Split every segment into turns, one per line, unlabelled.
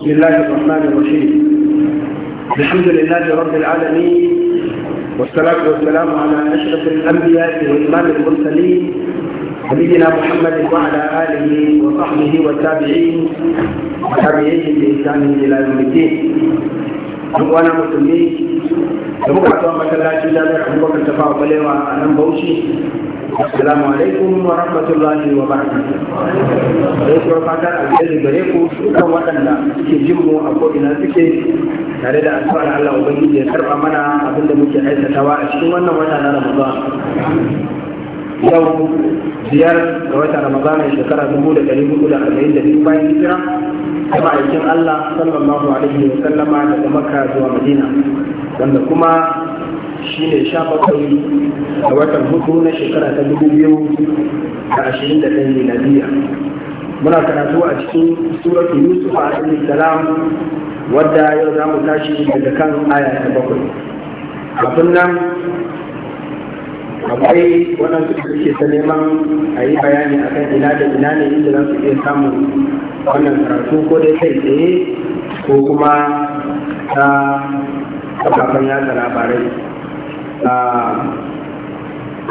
بسم الله الرحمن الرحيم الحمد لله رب العالمين والصلاة والسلام على أشرف الأنبياء وإمام المرسلين نبينا محمد وعلى آله وصحبه والتابعين وتابعيهم بإحسان إلى يوم الدين أخوانا المسلمين da مسلمين. zuwa masallaci jami'ar abubakar tafawa balewa a assalamu alaikum wa rahmatullahi wa barakatuh sai kuma fatar alheri gare ku dukkan waɗanda suke jin mu a ko'ina suke tare da addu'ar Allah ubangiji ya karba mana abin da muke aikatawa a cikin wannan wata na Ramadan yau biyar ga wata Ramadan shekara dubu da ɗari hudu da arba'in da biyu bayan hijira ta ma'aikin Allah sallallahu alaihi wa sallama daga Makka zuwa Madina wanda kuma shi ne sha a watan hudu na shekara ta dubu biyu da ashirin da ɗaya miladiya muna karatu a cikin suratu yusuf a alaihi salam wadda yau za mu tashi daga kan aya ta bakwai abin nan akwai waɗansu da suke ta neman a yi bayani akan ina da ina ne inda za su iya samun wannan karatu ko dai kai tsaye ko kuma ta kafafen yatsa labarai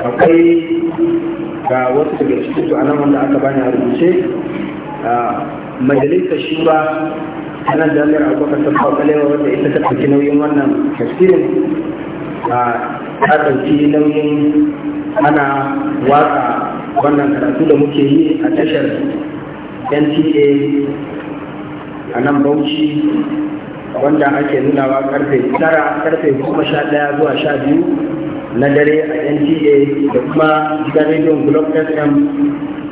akwai ga wasu daga cikin su anan wanda aka bani a rubuce majalisar shura nan jami'ar abubakar ta kawo kalewa wanda ita ta ɗauki nauyin wannan tafsirin ta ɗauki nauyin ana watsa wannan karatu da muke yi a tashar nta a nan bauchi wanda ake nunawa karfe tara karfe goma sha ɗaya zuwa sha biyu na dare a nta da kuma gidan rediyon fm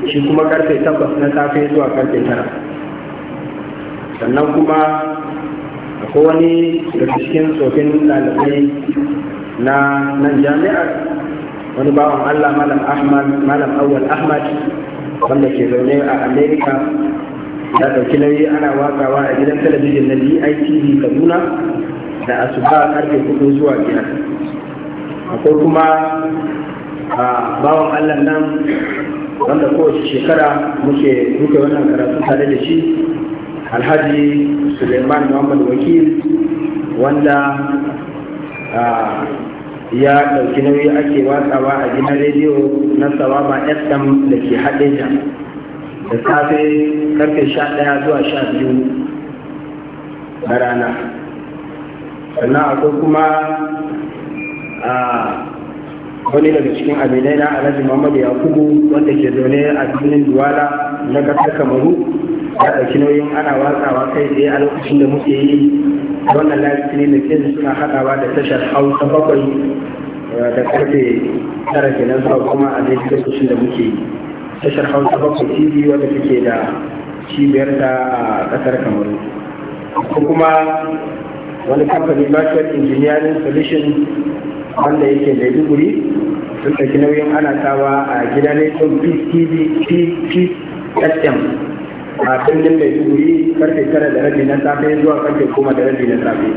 shi kuma karfe 8 na safe zuwa karfe tara sannan kuma akwai wani da cikin tsofin ɗalibai na nan jami'ar wani bawan allah malam ahmad malam awal ahmad wanda ke zaune a america da ɗauki nauyi ana watsawa a gidan talabijin na DITV Kaduna da asuba karfe kudu zuwa biyar akwai kuma a bawan Allah nan wanda kowace shekara muke duka wannan karatu tare da shi alhaji suleiman muhammad wakil wanda ya ɗauki nauyi ake watsawa a gidan rediyo na sawaba fm da ke haɗe da safe karfe sha ɗaya zuwa sha biyu na rana sannan akwai kuma a wani daga cikin abinai na alhaji muhammadu yakubu wanda ke zaune a birnin duwala na ƙasar kamaru ya ɗauki nauyin ana watsawa kai tsaye a lokacin da muke yi wannan live da ke suna haɗawa da tashar hausa bakwai eh, da karfe tara kenan zuwa kuma a daidai lokacin da muke yi tashar hausa bakwai tv wadda take da cibiyar ta a kasar kamaru ko kuma wani kamfani bashar engineering solution wanda yake maiduguri sun ɗauki nauyin sawa a gidan rediyon ptv psm a birnin maiduguri karfe tara da rabi na safe zuwa karfe goma da rabi na safe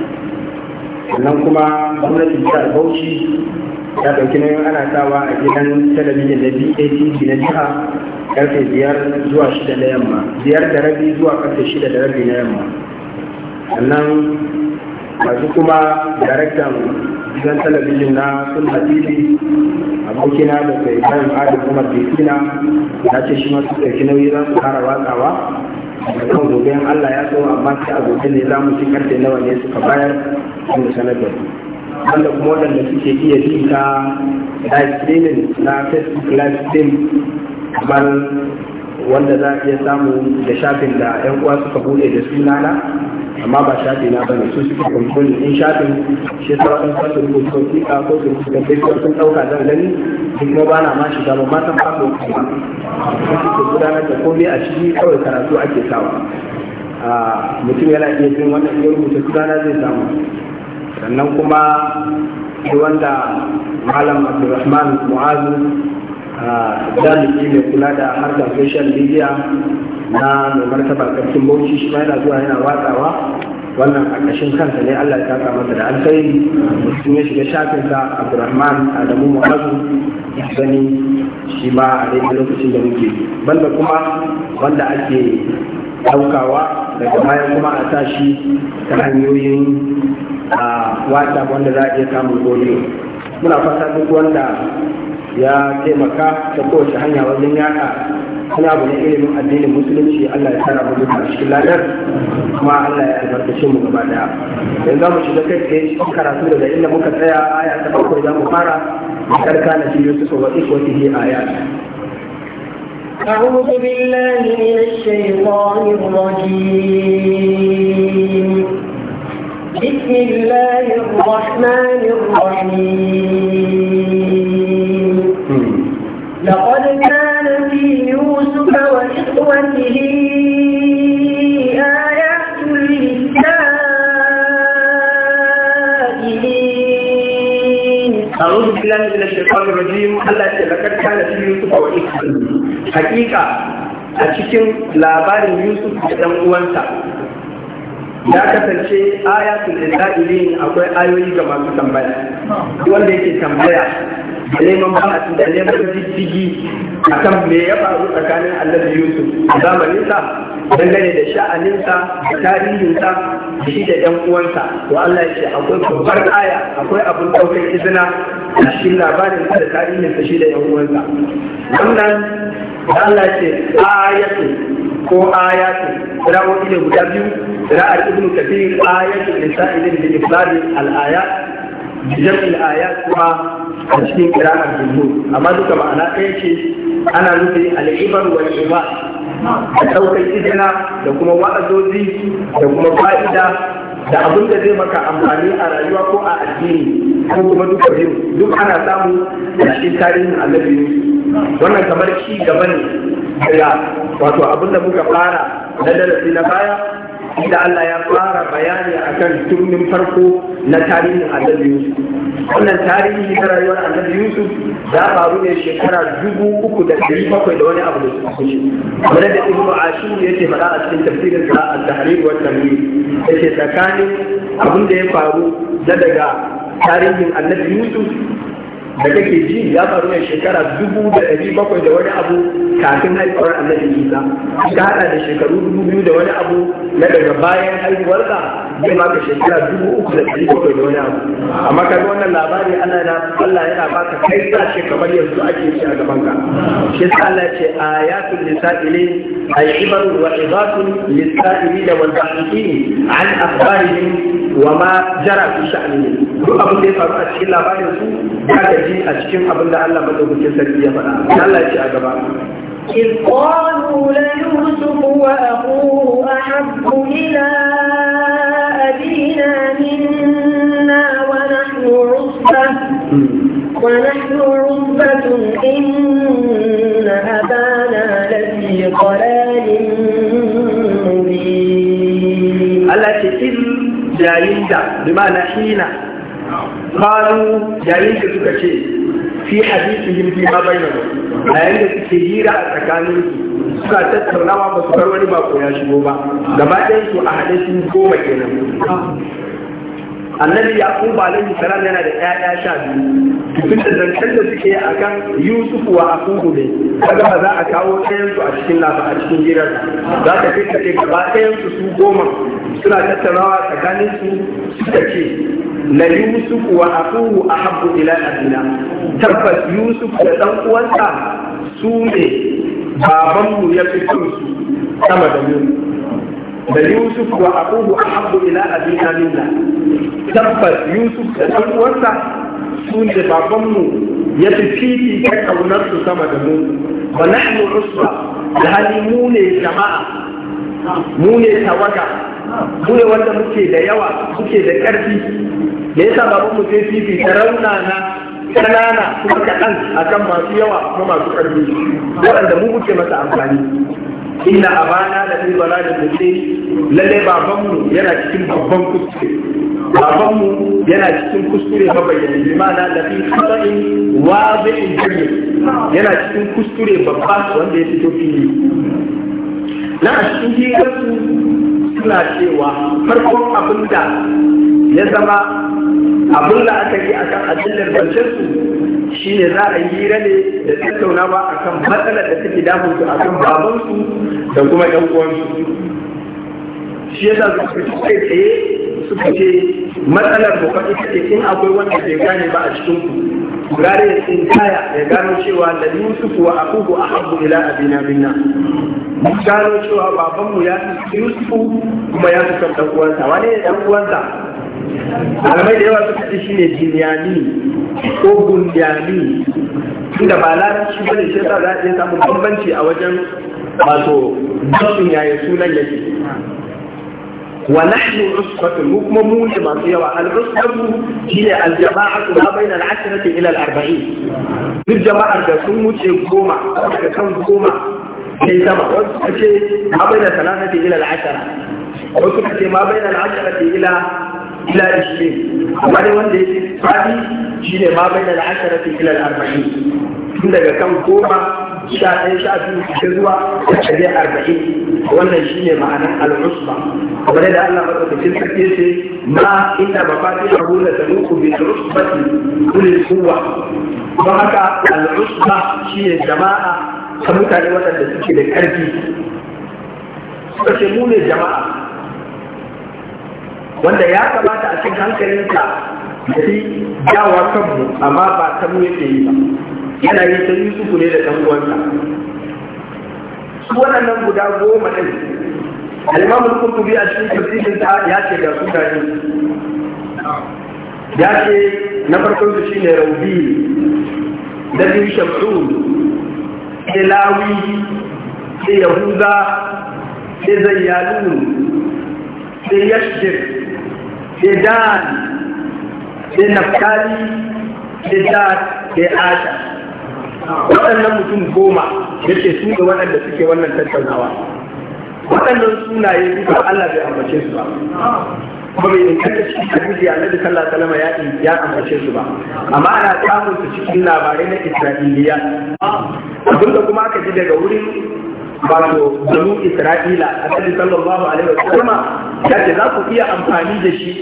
sannan kuma gwamnatin jihar bauchi ta ɗauki nauyin ana sawa a gidan talabijin da BATV na jiha karfe biyar zuwa shida na yamma biyar da rabi zuwa karfe shida da rabi na yamma sannan masu kuma daraktan gidan talabijin na sun hadidi abokina da kai bayan adam kuma bikina ya ce shi masu ɗauki nauyi za su fara watsawa da kan gobe Allah ya so amma sai a gobe ne za mu ci karfe nawa ne suka bayar da sanar da su wanda kuma waɗanda suke iya bi ta live streaming na facebook live stream kamar wanda za a iya samu da shafin da yan uwa suka bude da sunana amma ba shafi na bane su suke kontrol in shafin shi sa wani kwasu rubutu ko ka ko su rubuta facebook sun dauka zan gani duk ma bana ma shiga ba matan fako kuma su suke gudanar da komai a ciki kawai karatu ake sawa mutum yana iya jin wannan iya rubuta sunana zai samu sannan kuma shi wanda malam abdulrahman mu'azu jami'i mai kula da harkar social media na mai martaba karfin bauchi shi yana zuwa yana watsawa wannan a ƙashin kansa ne Allah ta taka masa da alkhairi mutum ya shiga shafin shafinsa Abdulrahman Adamu Muhammadu gani shi ma a daidai lokacin da muke banda kuma wanda ake daukawa daga bayan kuma a sa shi ta hanyoyin a wata wanda za a iya samun godiyo muna fata duk wanda ya taimaka ta kowace hanya wajen yaka wani abu na ilimin addinin musulunci Allah ya tsara mu duka cikin ladar kuma Allah ya albarkace mu gaba daya yanzu za mu shiga kai tsaye cikin karatu daga inda muka tsaya aya ta bakwai za mu fara karka na shi Yusuf wa ikwatihi ayat
أعوذ بالله من الشيطان الرجيم بسم الله الرحمن الرحيم
أعوذ بالله من الشيطان الرجيم الله لقد كان في يوسف وإخوته حقيقة أتكلم لابار يوسف بدم وانسى ya kasance ayatul isra'ilin akwai ayoyi ga masu tambaya wanda yake tambaya da neman ba'asin da neman akan a kan me ya faru tsakanin annabi yusuf a zamaninsa dangane da sha'aninsa da tarihinsa da shi da yan uwansa to allah ya ce akwai babbar aya akwai abin ɗaukar izina a cikin labarin da tarihinsa shi da yan uwansa wannan da allah ya ce ayatu ko ayatu ra'o'i ne guda biyu ra'ar ibnu kafir ayatu lisa'ilin bi ifradi al-ayat bi jam'il ayat kuma a cikin kira'ar jumhur amma duka ma'ana ɗaya ce ana nufin al'ibar wa iba da ɗaukar izina da kuma wa'azozi da kuma fa'ida da abin da zai maka amfani a rayuwa ko a addini ko kuma duka biyu duk ana samu a cikin tarihin annabi wannan kamar ci gaba ne daga wato abin da muka fara na darasi na baya inda Allah ya fara bayani akan turmin farko na tarihin annabi Yusuf wannan tarihi na rayuwar annabi Yusuf ya faru ne shekara dubu uku da ɗari bakwai da wani abu da suka kushe da Ibn Ashur yake faɗa a cikin tafsirin sa al-Tahrir wa Ya yake tsakanin abin da ya faru da daga tarihin annabi Yusuf da kake ji ya faru ne shekara dubu da ɗari bakwai da wani abu kafin haihuwar annabi isa ka hada da shekaru dubu biyu da wani abu na daga bayan haihuwarsa zai maka shekara dubu uku da ɗari bakwai da wani abu amma kaga wannan labari ana da Allah yana baka kai sa ce kamar yanzu ake ci a gaban ka shi sa Allah ce ayatul a yi ibar wa ibatun lisa'ili da wanda bahiqin an akhbarihim wa ma jara su sha'ani duk abin da ya faru a cikin labarin su ya darasi a cikin abin da Allah madaukakin sarki ya faɗa Allah ya ce a gaba
إذ قالوا ليوسف وأخوه أحب إلى أبينا منا ونحن عصبة ونحن عصبة إن أبانا لفي ضلال مبين. التي إذ
جايزة بمعنى حين kanu yayin da suka ce fi hadisi yin fi ma bayyana a yayin da suke hira a tsakanin suka tattaunawa ba su bar wani bako ya shigo ba gaba ɗayan su a haɗe sun goma kenan annabi ya yaqub alaihi salam yana da ƴaƴa sha biyu tun da zancen da suke akan yusuf wa akuhu ne kaga ba za a kawo ɗayan su a cikin lafa a cikin gidan za ta kai ka ce gaba ɗayan su su goma suna tattaunawa tsakanin su suka ce la yusuf wa akuhu ahabbu ila abina tabbas yusuf da ɗan uwansa su ne babanmu ya fi son su sama da mu da yusuf wa akuhu ahabbu ila abina minna tabbas yusuf da ɗan uwansa su ne babanmu ya fi fifi ta kaunar su sama da mu wa nahnu usba hali mu ne jama'a mu ne tawaga mu ne wanda muke da yawa muke da ƙarfi da yasa babanmu mu sai fifi ta na kanana kuma kaɗan akan masu yawa kuma masu ƙarfi waɗanda mu muke masa amfani inna bana da fi bala da mutum lallai babanmu yana cikin babban kuskure babanmu yana cikin kuskure mabayyani bi da fi zai wadi'in jirgin yana cikin kuskure babba wanda ya fito fili na a cikin hirarsu suna cewa farkon abin da ya zama abin da aka yi akan ajiyar bancinsu shi ne za a yi rane da tattaunawa akan matsalar da take damun su kan babansu da kuma ɗan uwansu shi ya yasa su kai tsaye su ce matsalar mu kafin ita in akwai wanda bai gane ba a cikin ku gare ya tsintaya ya gano cewa da Yusuf wa a ahabbu ila abina minna mun gano cewa babanmu ya fi Yusuf kuma ya fi kan ɗan wani ne dan uwansa malamai da yawa suka ce ne jiniyani ko gundiyani inda ba larabci bane shi yasa za a iya samun bambanci a wajen wato dafin yayin sunan yake wa nahnu usbatun mu kuma mu ne masu yawa al usbatu shine al jama'atu ma baina al ashrati ila al arba'in duk jama'ar da sun wuce goma daga kan goma sai sama wasu kace ma baina salatati ila al ashara wasu kace ma baina al ashrati ila ila ishe amma dai wanda ya ce fadi shi ne ma bai da la'ashara fi ila arba'in tun daga kan goma sha ɗaya sha biyu ta zuwa ta ɗari arba'in wannan shi ne ma'anar al'usba kamar yadda Allah cin sarki ce ma inda fadi a hula ta nuku bi al'usbati kulin kuwa don haka al'usba shi ne jama'a ta mutane waɗanda suke da ƙarfi suka ce mu ne jama'a wanda ya kamata a cikin hankalinsa da shi yawa kanmu amma ba ta mu yake yi ba yana yi ta yusufu ne da ɗan uwansa su waɗannan guda goma ɗin alimamu kuntubi a cikin tafsirin ta ya ce ga su gani ya ce na farkon su shine raudi na biyu shamsun sai lawi sai yahuza sai zayyalun sai yashir sai dan sai naftali sai dan sai asha waɗannan mutum goma da ke su da waɗanda suke wannan tattaunawa waɗannan sunaye duka Allah bai ambace su ba kuma bai inganta cikin hadisi ya nadi kalla wasallam ya ya ambace su ba amma ana samun su cikin labarai na Isra'iliya abinda kuma aka ji daga wurin wato banu isra'ila annabi sallallahu alaihi wasallam ya ce za ku iya amfani da shi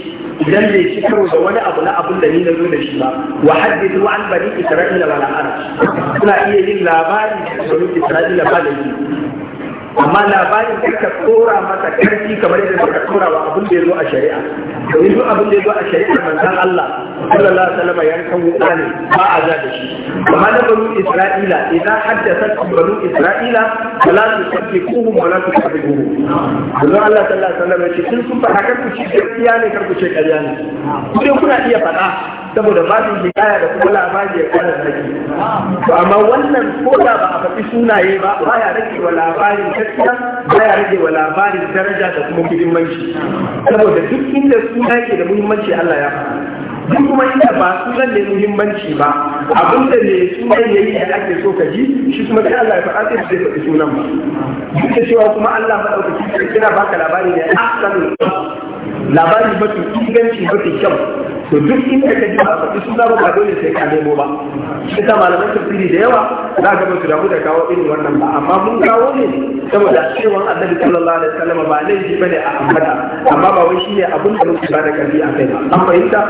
idan bai ci karo da wani abu na abun da ni na zo da shi ba wa haddithu an bani isra'ila wala arab kuna iya yin labari da isra'ila ba da ni amma labarin da ka tsora masa karfi kamar yadda ka tsora wa abin da ya zo a shari'a domin duk abin da ya zo a shari'a manzan Allah sallallahu alaihi wasallam ya kan wuta ne ba a za da shi amma na banu Isra'ila idan haddasa banu Isra'ila wala su sabbi kuhum wala su sabbi kuhum Allah sallallahu alaihi wasallam ya ce sun sun faɗa kar ku ci gaskiya ne kar ku ce ƙarya ne kuna iya faɗa saboda babin hikaya da kuma labari ya kwana ke, to amma wannan ko da ba a faɗi sunaye ba ba ya rage wa labarin gaskiya ba ya rage wa labarin daraja da kuma muhimmanci saboda duk inda suna yake da muhimmanci Allah ya duk kuma inda ba sunan ne muhimmanci ba abin da ne sunan ya yi da ake so ka ji shi kuma sai Allah ya faɗa sai zai faɗi sunan ba duk da cewa kuma Allah maɗaukaki kira baka labari ne ahsanul labari mafi inganci mafi kyau to duk inda ka ji ba su suna ba ba dole sai ka nemo ba shi ta malaman tafsiri da yawa za ka su damu da kawo irin wannan ba amma mun kawo ne saboda cewa annabi sallallahu alaihi wasallam ba ji bane a ambata amma ba wai shine abin da muke ba da kalli a kai ba an fahimta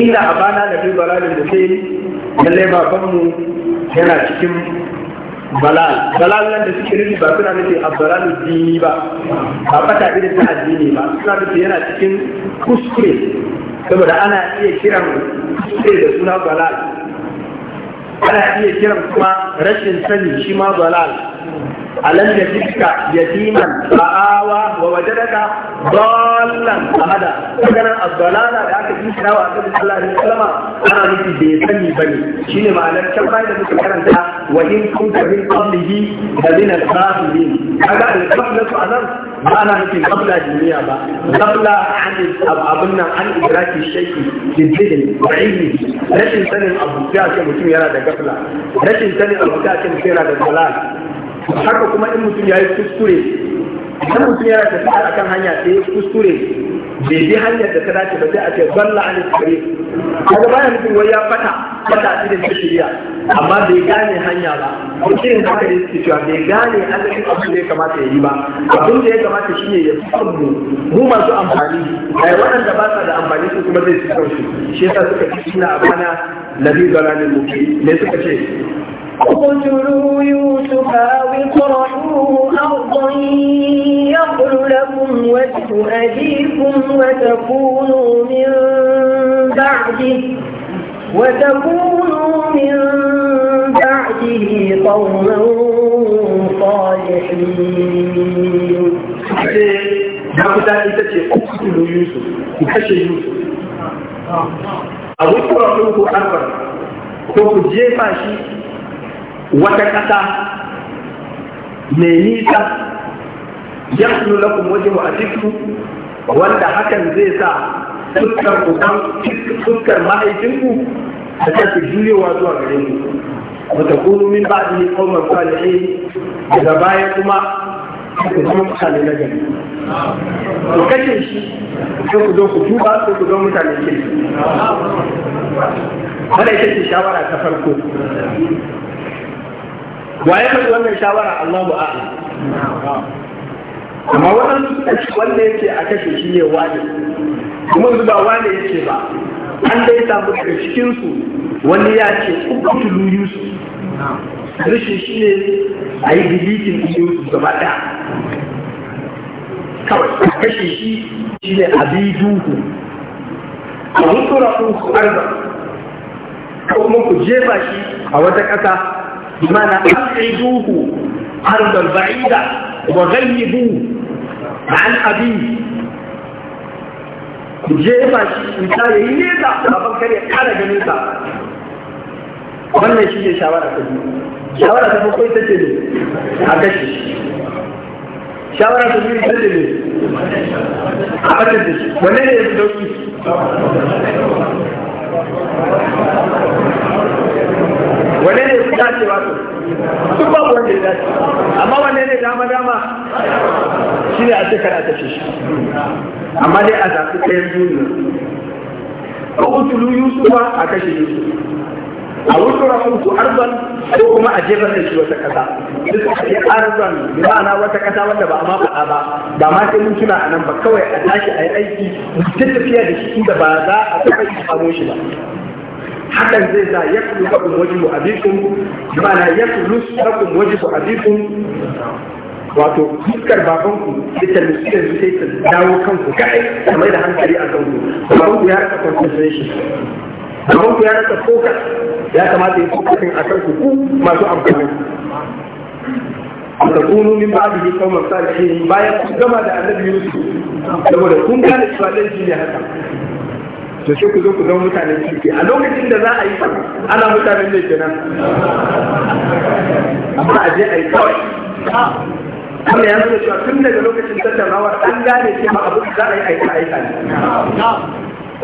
inda abana da bi balalin da sai lalle kanmu yana cikin balal balal nan da suke nufi ba suna nufi balalu dini ba ba fata irin ta addini ba suna nufi yana cikin kuskure saboda ana iya kiran kuskure da suna balal ana iya kiran kuma rashin sani shi ma balal alam yajidka yatiman fa'awa wa wajadaka dallan amada kana abdalala da aka yi shawa a cikin Allah ne sallama ana nufi bai sani bane shine ma'anar can bayan da muke karanta wa in kunta min qablihi da min al da kaga al-qablatu anan ba ana nufin qabla duniya ba qabla an abun nan an idraki shayki jiddin wa ilmi rashin sanin abu ce mutum yana da gafla rashin sanin abu sai mutum yana da dalal haka kuma in mutum ya yi kuskure idan mutum yana tafiya a kan hanya sai kuskure bai bi hanyar da ta dace ba sai a ce balla an kare kaga bayan mutum wai ya fata fata a cikin shirya amma bai gane hanya ba ko irin haka ne suke cewa bai gane asalin abin da ya kamata ya yi ba abin da ya kamata shi ne ya san mu mu masu amfani ai waɗanda ba sa da amfani su kuma zai su shi yasa suka ci suna abana labi zalalin mu ne suka ce
اقتلوا يوسف أو اطرحوه أرضا يقل لكم وجه أبيكم وتكونوا من بعده وتكونوا من بعده قوما صالحين.
wata ƙasa mai nisa ya kulu lakum wa atiku wanda hakan zai sa fuskar uban fuskar mahaifinku da ta fi jurewa zuwa gare ku wata kulu min ne qawman salihin daga baya kuma ku zama mutane na gari ku kashe shi sai ku zo ku tuba ko ku zo mutane ke wannan ita ce shawara ta farko wa ya faɗi wannan shawara Allahu a'lam amma waɗansu suka ci wanda yake a kashe shi ne wane kuma zuba wane yake ba an dai samu daga cikinsu wani ya ce ukutulu yusuf rashin shi ne a yi dilitin yusuf gaba ɗaya kawai a kashe shi shi ne duhu. a mutura ku arba ko kuma ku jefa shi a wata ƙasa بمعنى أبعدوه أرضا بعيدة وغيبوه عن أبيه ku jefa shi wuta ya yi nesa babban kare kara ganin sa wannan shi ne shawara ta biyu shawara ta farko ita ce ne a kashe shawara
ta biyu ita ne a ɓatar da shi wanne ne ya fi dauki wane ne su
dacewa Su duk babu wanda ya dace amma wane ne dama dama shi ne a ce kana kashe shi amma dai a zaɓi ɗayan duniya ko utulu yusufa a kashe yusuf a wasu rahoto arzan ko kuma a jefar da shi wata kasa duk sai arzan bi ma'ana wata ƙasa wanda ba a ma faɗa ba ba ma sai mun a nan ba kawai a tashi a yi aiki ta tafiya da shi inda ba za a taɓa yi shi ba hakan zai sa ya kulu lakum abikun ba na ya kulu waje wajibu abikun wato fuskar babanku da talmisiyar su sai ta dawo kanku kai, ta mai da hankali a kanku babanku ya rasa concentration babanku ya rasa focus ya kamata ya focusin a kanku ku masu amfani a kunu min ba da hikar masu bayan ku gama da annabi yusuf saboda kun gane cewa laifi ne haka to sai ku zo ku zama mutanen kirki a lokacin da za a yi fa ana mutanen da kenan amma a je a yi kawai amma ya nuna cewa tun daga lokacin tattaunawar an gane cewa abu za a yi aika aika ne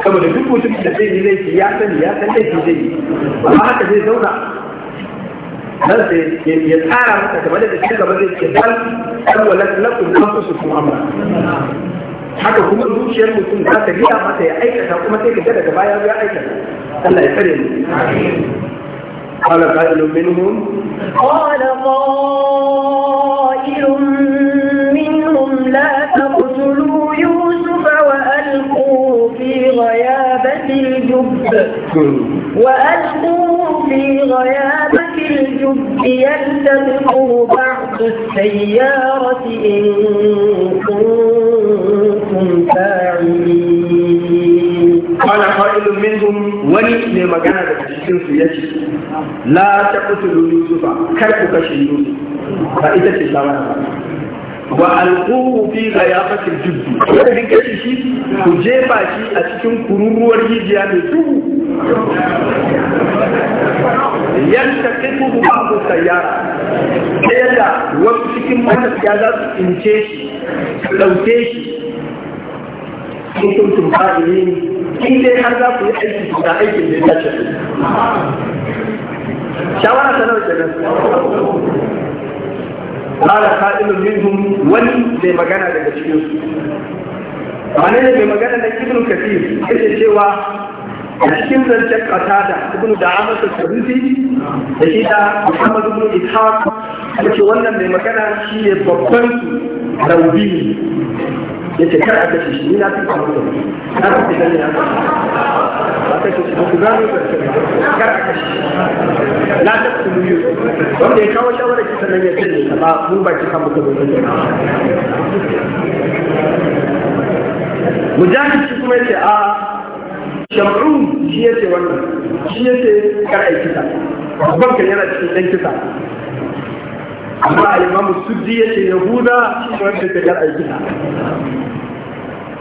saboda duk mutum da zai yi laifi ya sani ya san laifi zai yi amma haka zai zauna Nan sai ya tsara maka kamar da shi gaba zai ce dan an wala lakum anfusukum amra haka kuma zuciyar mutum za ta gida mata ya aikata kuma sai ka daga baya ya aikata Allah ya kare mu قال قائل
منهم قال قائل وألقوه في غيابة الجب يلتقوا بعض السيارة إن كنتم فاعلين
قال قائل منهم ولي لما كان تكشفين في يشي لا تقتلوا يوسف كيف تكشف يوسف فإذا تشتغل وألقوه في غيافة الجب وإذن كشيشي كجيبا شي أتكن كرور والهجيا بسو ينتقطه يعني. بعض السيارة إلا وقتكن من السيارات انتشي لوتشي إن كنتم قائلين إن دي حرزا في أيكي في أيكي في أيكي شاورا سنوات جنة قال قائل منهم wani mai magana daga cikin su wane ne mai magana da ibn kathir yake cewa a cikin zancen qatada ibn da'ama al-sabuti da shi da Muhammad ibn Ishaq yake wannan mai magana shi ne babban raudi ya ce kar a kashe shi ni na fi kamar da na fi kamar da na fi kamar da na fi kamar da kar la ta su biyu wanda ya kawo shawarar ki sannan ya sani ta ba mu ba ki kan mutum mutum mujahid shi kuma yace a shamru shi yace wannan shi yace kar a kisa babban kan yana cikin dan kisa amma al-imam suddi yace yahuda shi wanda ke kar a kisa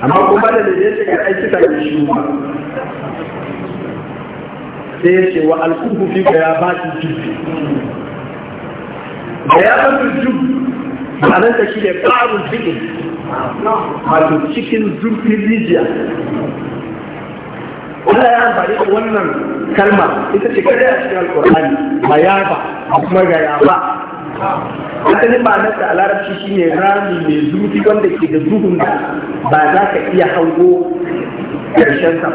amma kuma da da yace kar a kisa shi sai ya ce wa alkuhu fi gaya ya ba ki jub da ya ba ki jub nan ta shi ne ƙaru jikin wato cikin zurfin rijiya Allah ya amfani da wannan kalma ita ce kada ya cikin alkur'ani ba ya ba kuma ga ya ba asalin ma'anarsa a larabci ne rami mai zurfi wanda ke da zuhun da ba za ka iya hango ƙarshen sa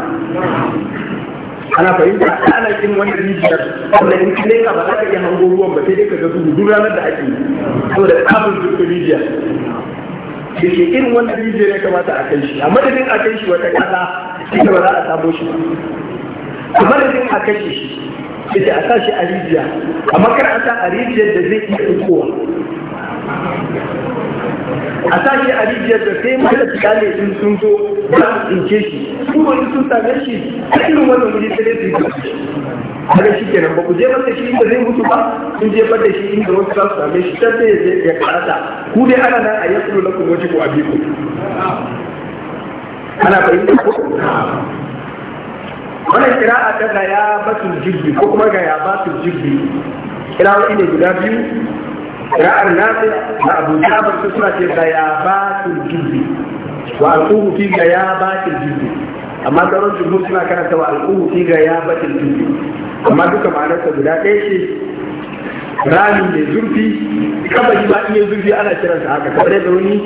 ana fahimta ana kin wani rijiyar wannan in kile ka ba za ka iya hango ruwan ba sai dai ka ga duhu duk ranar da ake saboda tsafin duk rijiya da ke irin wani rijiyar ya kamata a kai shi a madadin a kai shi wata kasa ita ba za a samo shi a madadin a kai shi sai a sa shi a rijiya amma kar a sa a rijiyar da zai iya fitowa a sake a rijiyar da sai mata tsale ne sun zo za in ke shi kuma in sun same shi a irin wannan wuri sai su yi haka shi kenan ba ku jefar da shi inda zai mutu ba sun jefar da shi inda wasu za su same shi ta sai ya karata ku dai ana nan a yi na kuma shi ko a biyu ana fahimta ko wannan a ta gaya batul jirgi ko kuma gaya batul jirgi wani ne guda biyu
ra'ar nafi da abu jabar su suna ce da ya ba
su jirgi wa al'uhu fi ga ya ba su jirgi amma tsaron jirgin suna karanta wa al'uhu fi ga ya ba su jirgi amma duka ma'anarsa guda ɗaya ce rami mai zurfi yi ba iya zurfi ana kiransa haka kamar yadda wani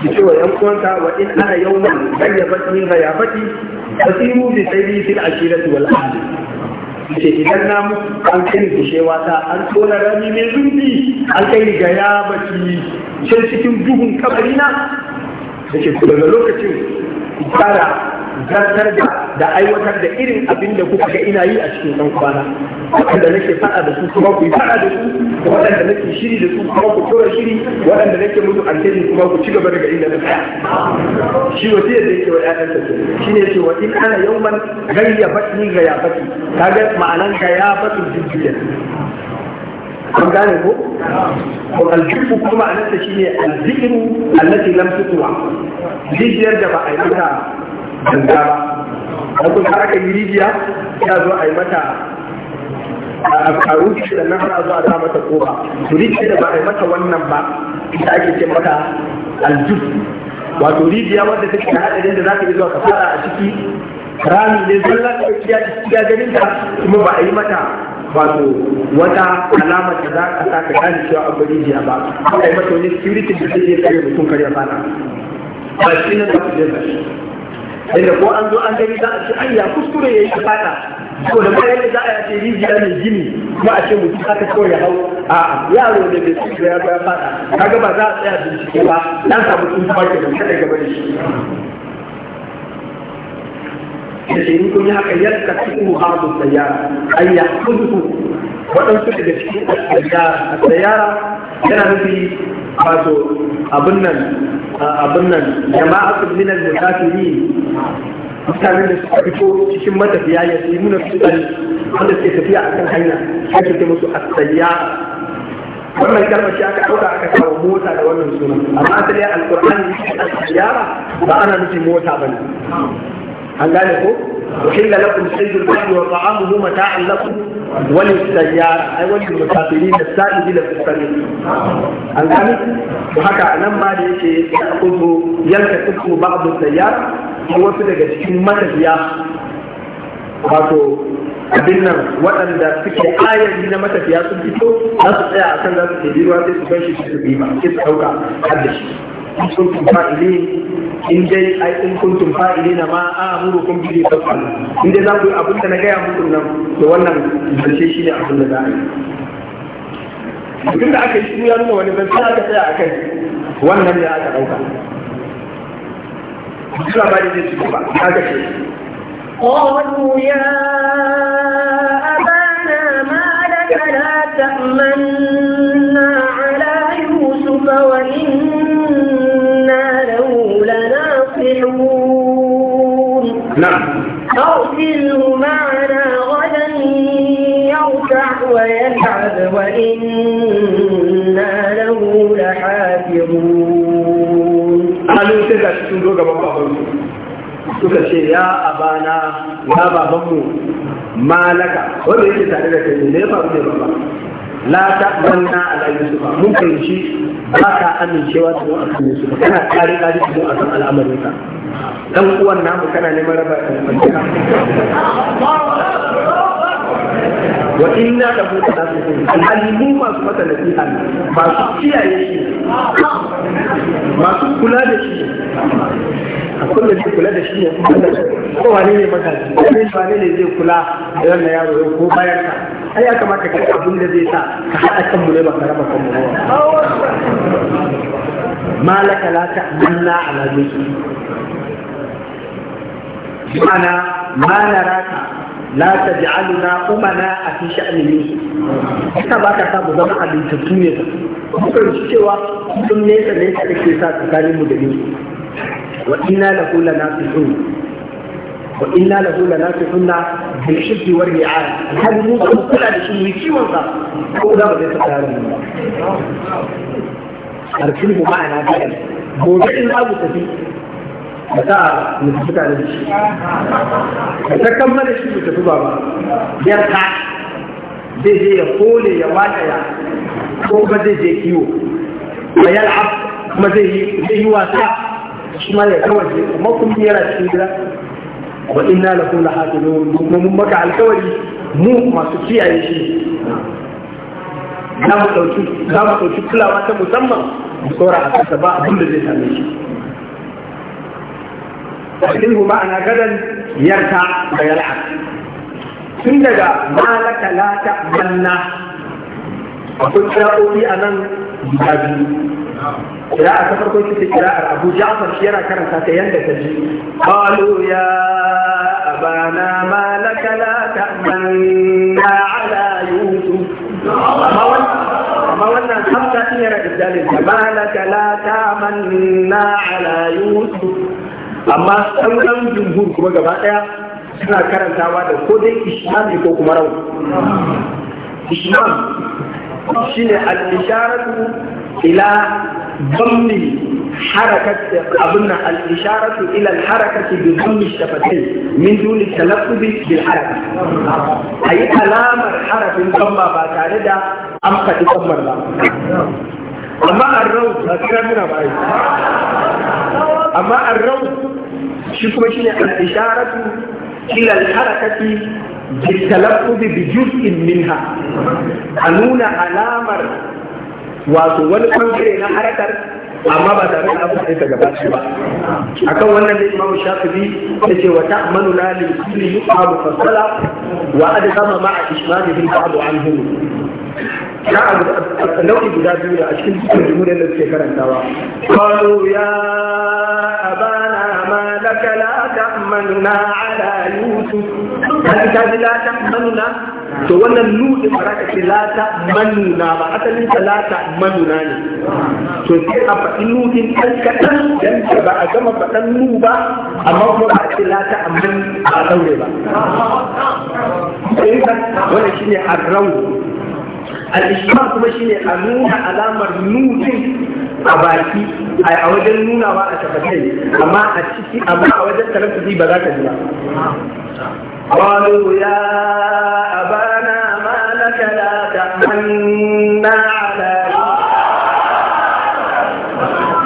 ki ce wa yan uwanka wa in ana yau ya yawman gayyabati gayyabati fasiru bi sayri fil ashirati wal wal'adu ce idan na mutu an kai kushewa ta an tona rami mai zumbi an kai ga ya baki can cikin duhun kabarina da ke daga lokacin ku zartar da da aiwatar da irin abin da kuka ga ina yi a cikin ɗan kwana waɗanda nake faɗa da su kuma ku yi faɗa da su da waɗanda nake shiri da su kuma ku tura shiri waɗanda nake mutu alheri kuma ku ci gaba daga inda na tsaya shi wace da yake wa ƴaƴansa ce shi ne ce wa in ana yawman gayya batni ga ya bati kaga ma'anan ga ya batu jujjuya kun gane ko ko aljihu kuma ma'anarsa shine alzikiru allati lam tutwa jijiyar da ba a yi mata ganga ba kun haka yi rijiya ya zo a yi mata a rufe da nan har zo a sa mata koba to rijiya da ba a yi mata wannan ba ita ake ce mata aljuf wato rijiya wadda take da hadarin da za ka yi zuwa ka fara a ciki rami ne zalla ta iya ganin ta kuma ba a yi mata wato wata alama da za a saka gane cewa an bari jiya ba a yi mata wani security da zai kare mutum kare fata ba shi ne da su je inda ko an zo an gani za a ce ayya kuskure ya yi ta fada ko da bayan da za a ce rijiya ne gini ba a ce mutum aka kawai ya hau a yaro ne bai tsufa ya ya fada kaga ba za a tsaya bincike ba dan samu tsufa ke da kada gaba da shi da shi kun yi haka yadda cikin harbin sayara an ya kudu waɗansu daga cikin a sayara yana nufi wato abin nan abin nan jama'a jama'atun minal yi mutanen da suka fito cikin matafiya ya yi muna fitar wanda suke tafiya a kan hanya ya suke musu asayya wannan kalmar shi aka ɗauka aka kawo mota da wannan suna amma asali alƙur'ani asayya ba ana nufin mota ba ne an gane ko أحل لكم صيد البحر وطعامه متاعا لكم وللسيارة أي وللمسافرين السائلين في السبيل الخامس وهكا أنا ما يأخذ يلتقط بعض السيارة هو في دقيقة ما wato abin nan waɗanda suke ayari na matafiya sun fito za su tsaya a kan za su ke biyuwa in kuntum fa'ilin in dai ai in kuntum fa'ilin ma amurukum bi tafal in dai za ku yi abin da na gaya muku nan to wannan zance shi ne abin da za a yi mutum da aka yi shi ya nuna wani zance aka tsaya a kai wannan ne aka ɗauka
suna ba da zai ci gaba aka ce
قالوا يا da ما لك لا تأمنا على يوسف وإن نعم أرسله معنا غدا يرتع ويلعب وإنا له لحافظون قالوا كذا تشوفوا قبل suka ce ya abana
ya babanmu malaka wanda yake tare da kai ne ya faru ne baba la taqbanna ala mun fahimci ba ka amincewa da mu akan yusufa kana kare kare da mu akan al'amarin ka dan uwan namu kana neman raba ka wa inna da mu da su alimu masu mata nasiha masu
kiyaye shi masu
kula da shi a kullum zai kula da shi ne ko wani ne matashi ko wani ne zai kula da na yaro ko bayan ka ai ya kamata ka abin da zai sa ka haɗa kanmu ne ba ka raba kanmu ba malaka la ta ta'manna ala ma'ana ma naraka la ta kuma na a fi sha'anin yusuf ita ba ka samu zama abintattu ne ba mukan shi cewa sun nesa ne da ke sa tsakanin mu da yusuf wa ina inna lahu lanasihun wa ina na inna lahu lanasihun bil shirki war ri'an hal mu kan kula da shi mu yi kiwon sa ko za mu zai tsaya mu? arkin mu ma'ana ta gobe in mu tafi ka sa mu tafi tare da shi ka ta kammala shi mu tafi ba ba yar ta zai je ya kole ya wataya ko ba zai je kiwo ba yal'ab kuma zai yi wasa shi ma ya kawace kuma kun yana cikin gida wa inna lakum lahafizun kuma mun maka alkawari mu masu kiyaye shi za mu ɗauki kulawa ta musamman mu tsora a kasa ba abin da zai same shi فمنه معنى غدا يرتع ويلعب tun daga malaka la ta'manna akwai kira'o'i a nan guda biyu kira'a ta farko ita ce kira'ar Abu Ja'far yana karanta ta yanda ta ji qalu ya abana malaka la ta'manna ala yusuf amma wannan hamza din yana da dalil malaka la ta'manna ala yusuf amma ɗan jumhur kuma gaba ɗaya suna karantawa da ko dai ishmami ko kuma rawu ishmam shine al-isharatu ila dhammi harakat abun al-isharatu ila al-harakati bi dhammi shafatayn min duni talaffuzi bil haraka ayi alamar harafin dhamma ba tare da an faɗi dhamma ba amma an rawu ba kira muna ba أما الروض شكما شنع الإشارة إلى الحركة بالتلفظ بجزء منها أنونا علامة وأصول فنكرنا حركة أما بعد أن أبو حيث
جبال شبا
أكوانا لإمام الشافعي تشي وتأمن لا لكل يقعب فالصلاة وأدخل مع إشماد في البعض عنه a nau'i guda biyu da a cikin cikin jimuriyar da suke karantawa qalu ya abana ma laka la ta'manna ala yusuf kan ka ji la ta'manna to wannan nuɗi baraka ce la ta'manna ba asalin ta la ta'manna ne to sai a faɗi nuɗin ɗan kaɗan dan ba a gama faɗan nu ba amma kuma ba a ce la ta'manna a ɗaure ba. Wannan shine arrawu al ishmar kuma shine a nuna alamar nudin a baki a wajen nuna ba a tabbatai amma a ciki amma a wajen talaffuzi ba za ka ji ba
قالوا يا أبانا ما لك لا تأمنا على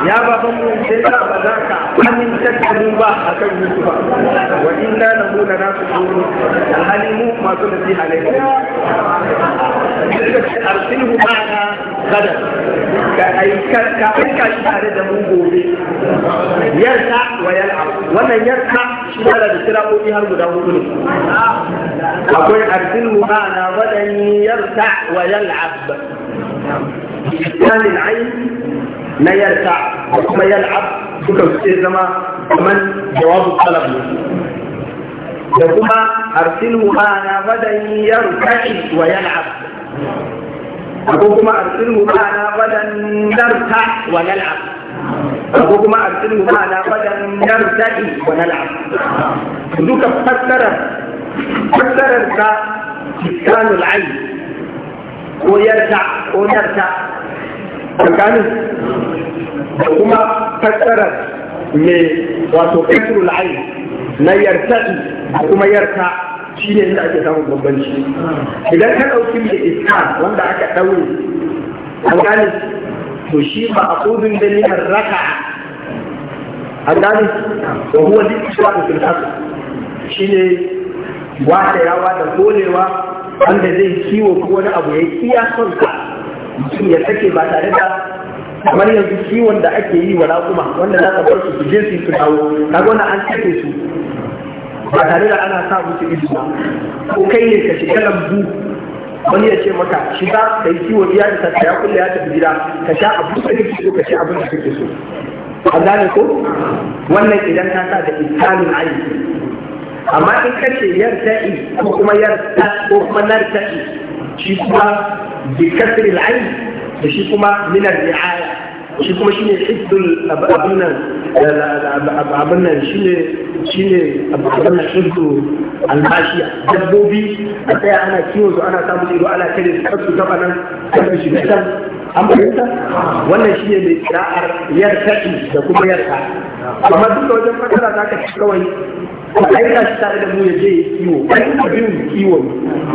يا بابا من
سيدنا بذاك أمن تكتبوا بها أكبر وإنا له لناصحون الحليم ما كنا فيه عليه أرسله
معنا غدا كأيك
شهر دمو gobe yarda wa yal'ab wannan yarda shi da da kirabobi har guda hudu ne akwai arsilhu ma'ana wadan yarda wa yal'ab kalin ayin na yarda kuma yal'ab suka fice zama kamar jawabu talab ne da kuma arsilhu ana badan yarka'i wa yal'ab ko kuma arsilhu ana badan narta wa yal'ab ko kuma arsilhu ana badan narta'i wa yal'ab duka fassara fassarar ka iskanul ayn ko yarta ko narta tsakanin da kuma fassarar me wato kasrul ain na yarta a kuma yarta shi ne inda ake samun bambanci idan ka ɗauki mai iska wanda aka ɗaure an gane to shi ba a kudin da ni raka an gane wa huwa dikwa da asl Shi wata yawa da kolewa wanda zai kiwo ko wani abu ya iya son ka mutum ya sake ba tare da kamar yanzu kiwon da ake yi wa raƙuma wanda za ka bar su je su yi su dawo ka gona an cike su ba tare da ana sa musu ido ba ko kai ne ka shiga lambu wani ya ce maka shiga ka yi kiwon iya da ta ya kulle ya tafi gida ka sha abu da kake so ka sha abin da kake so an gane ko wannan idan ka sa da ikalin ayi amma in ka ce ta'i ko kuma yar yarta ko kuma nar ta'i shi kuma bi kasri al-ayn ماشي كما من الرعايه ماشي كما شي نحب ابنا ابنا شي شي ابنا شنو الماشية دبوبي حتى انا كيوز وانا تابو ايدو على كده تحط تبقى انا تمشي بحسن اما انت وانا شي الاسراء يرتقي يكون يرتقي فما دلت وجه فكرة ذاك الشكوين أين أشتغل مو يجي كيو أين أبين كيو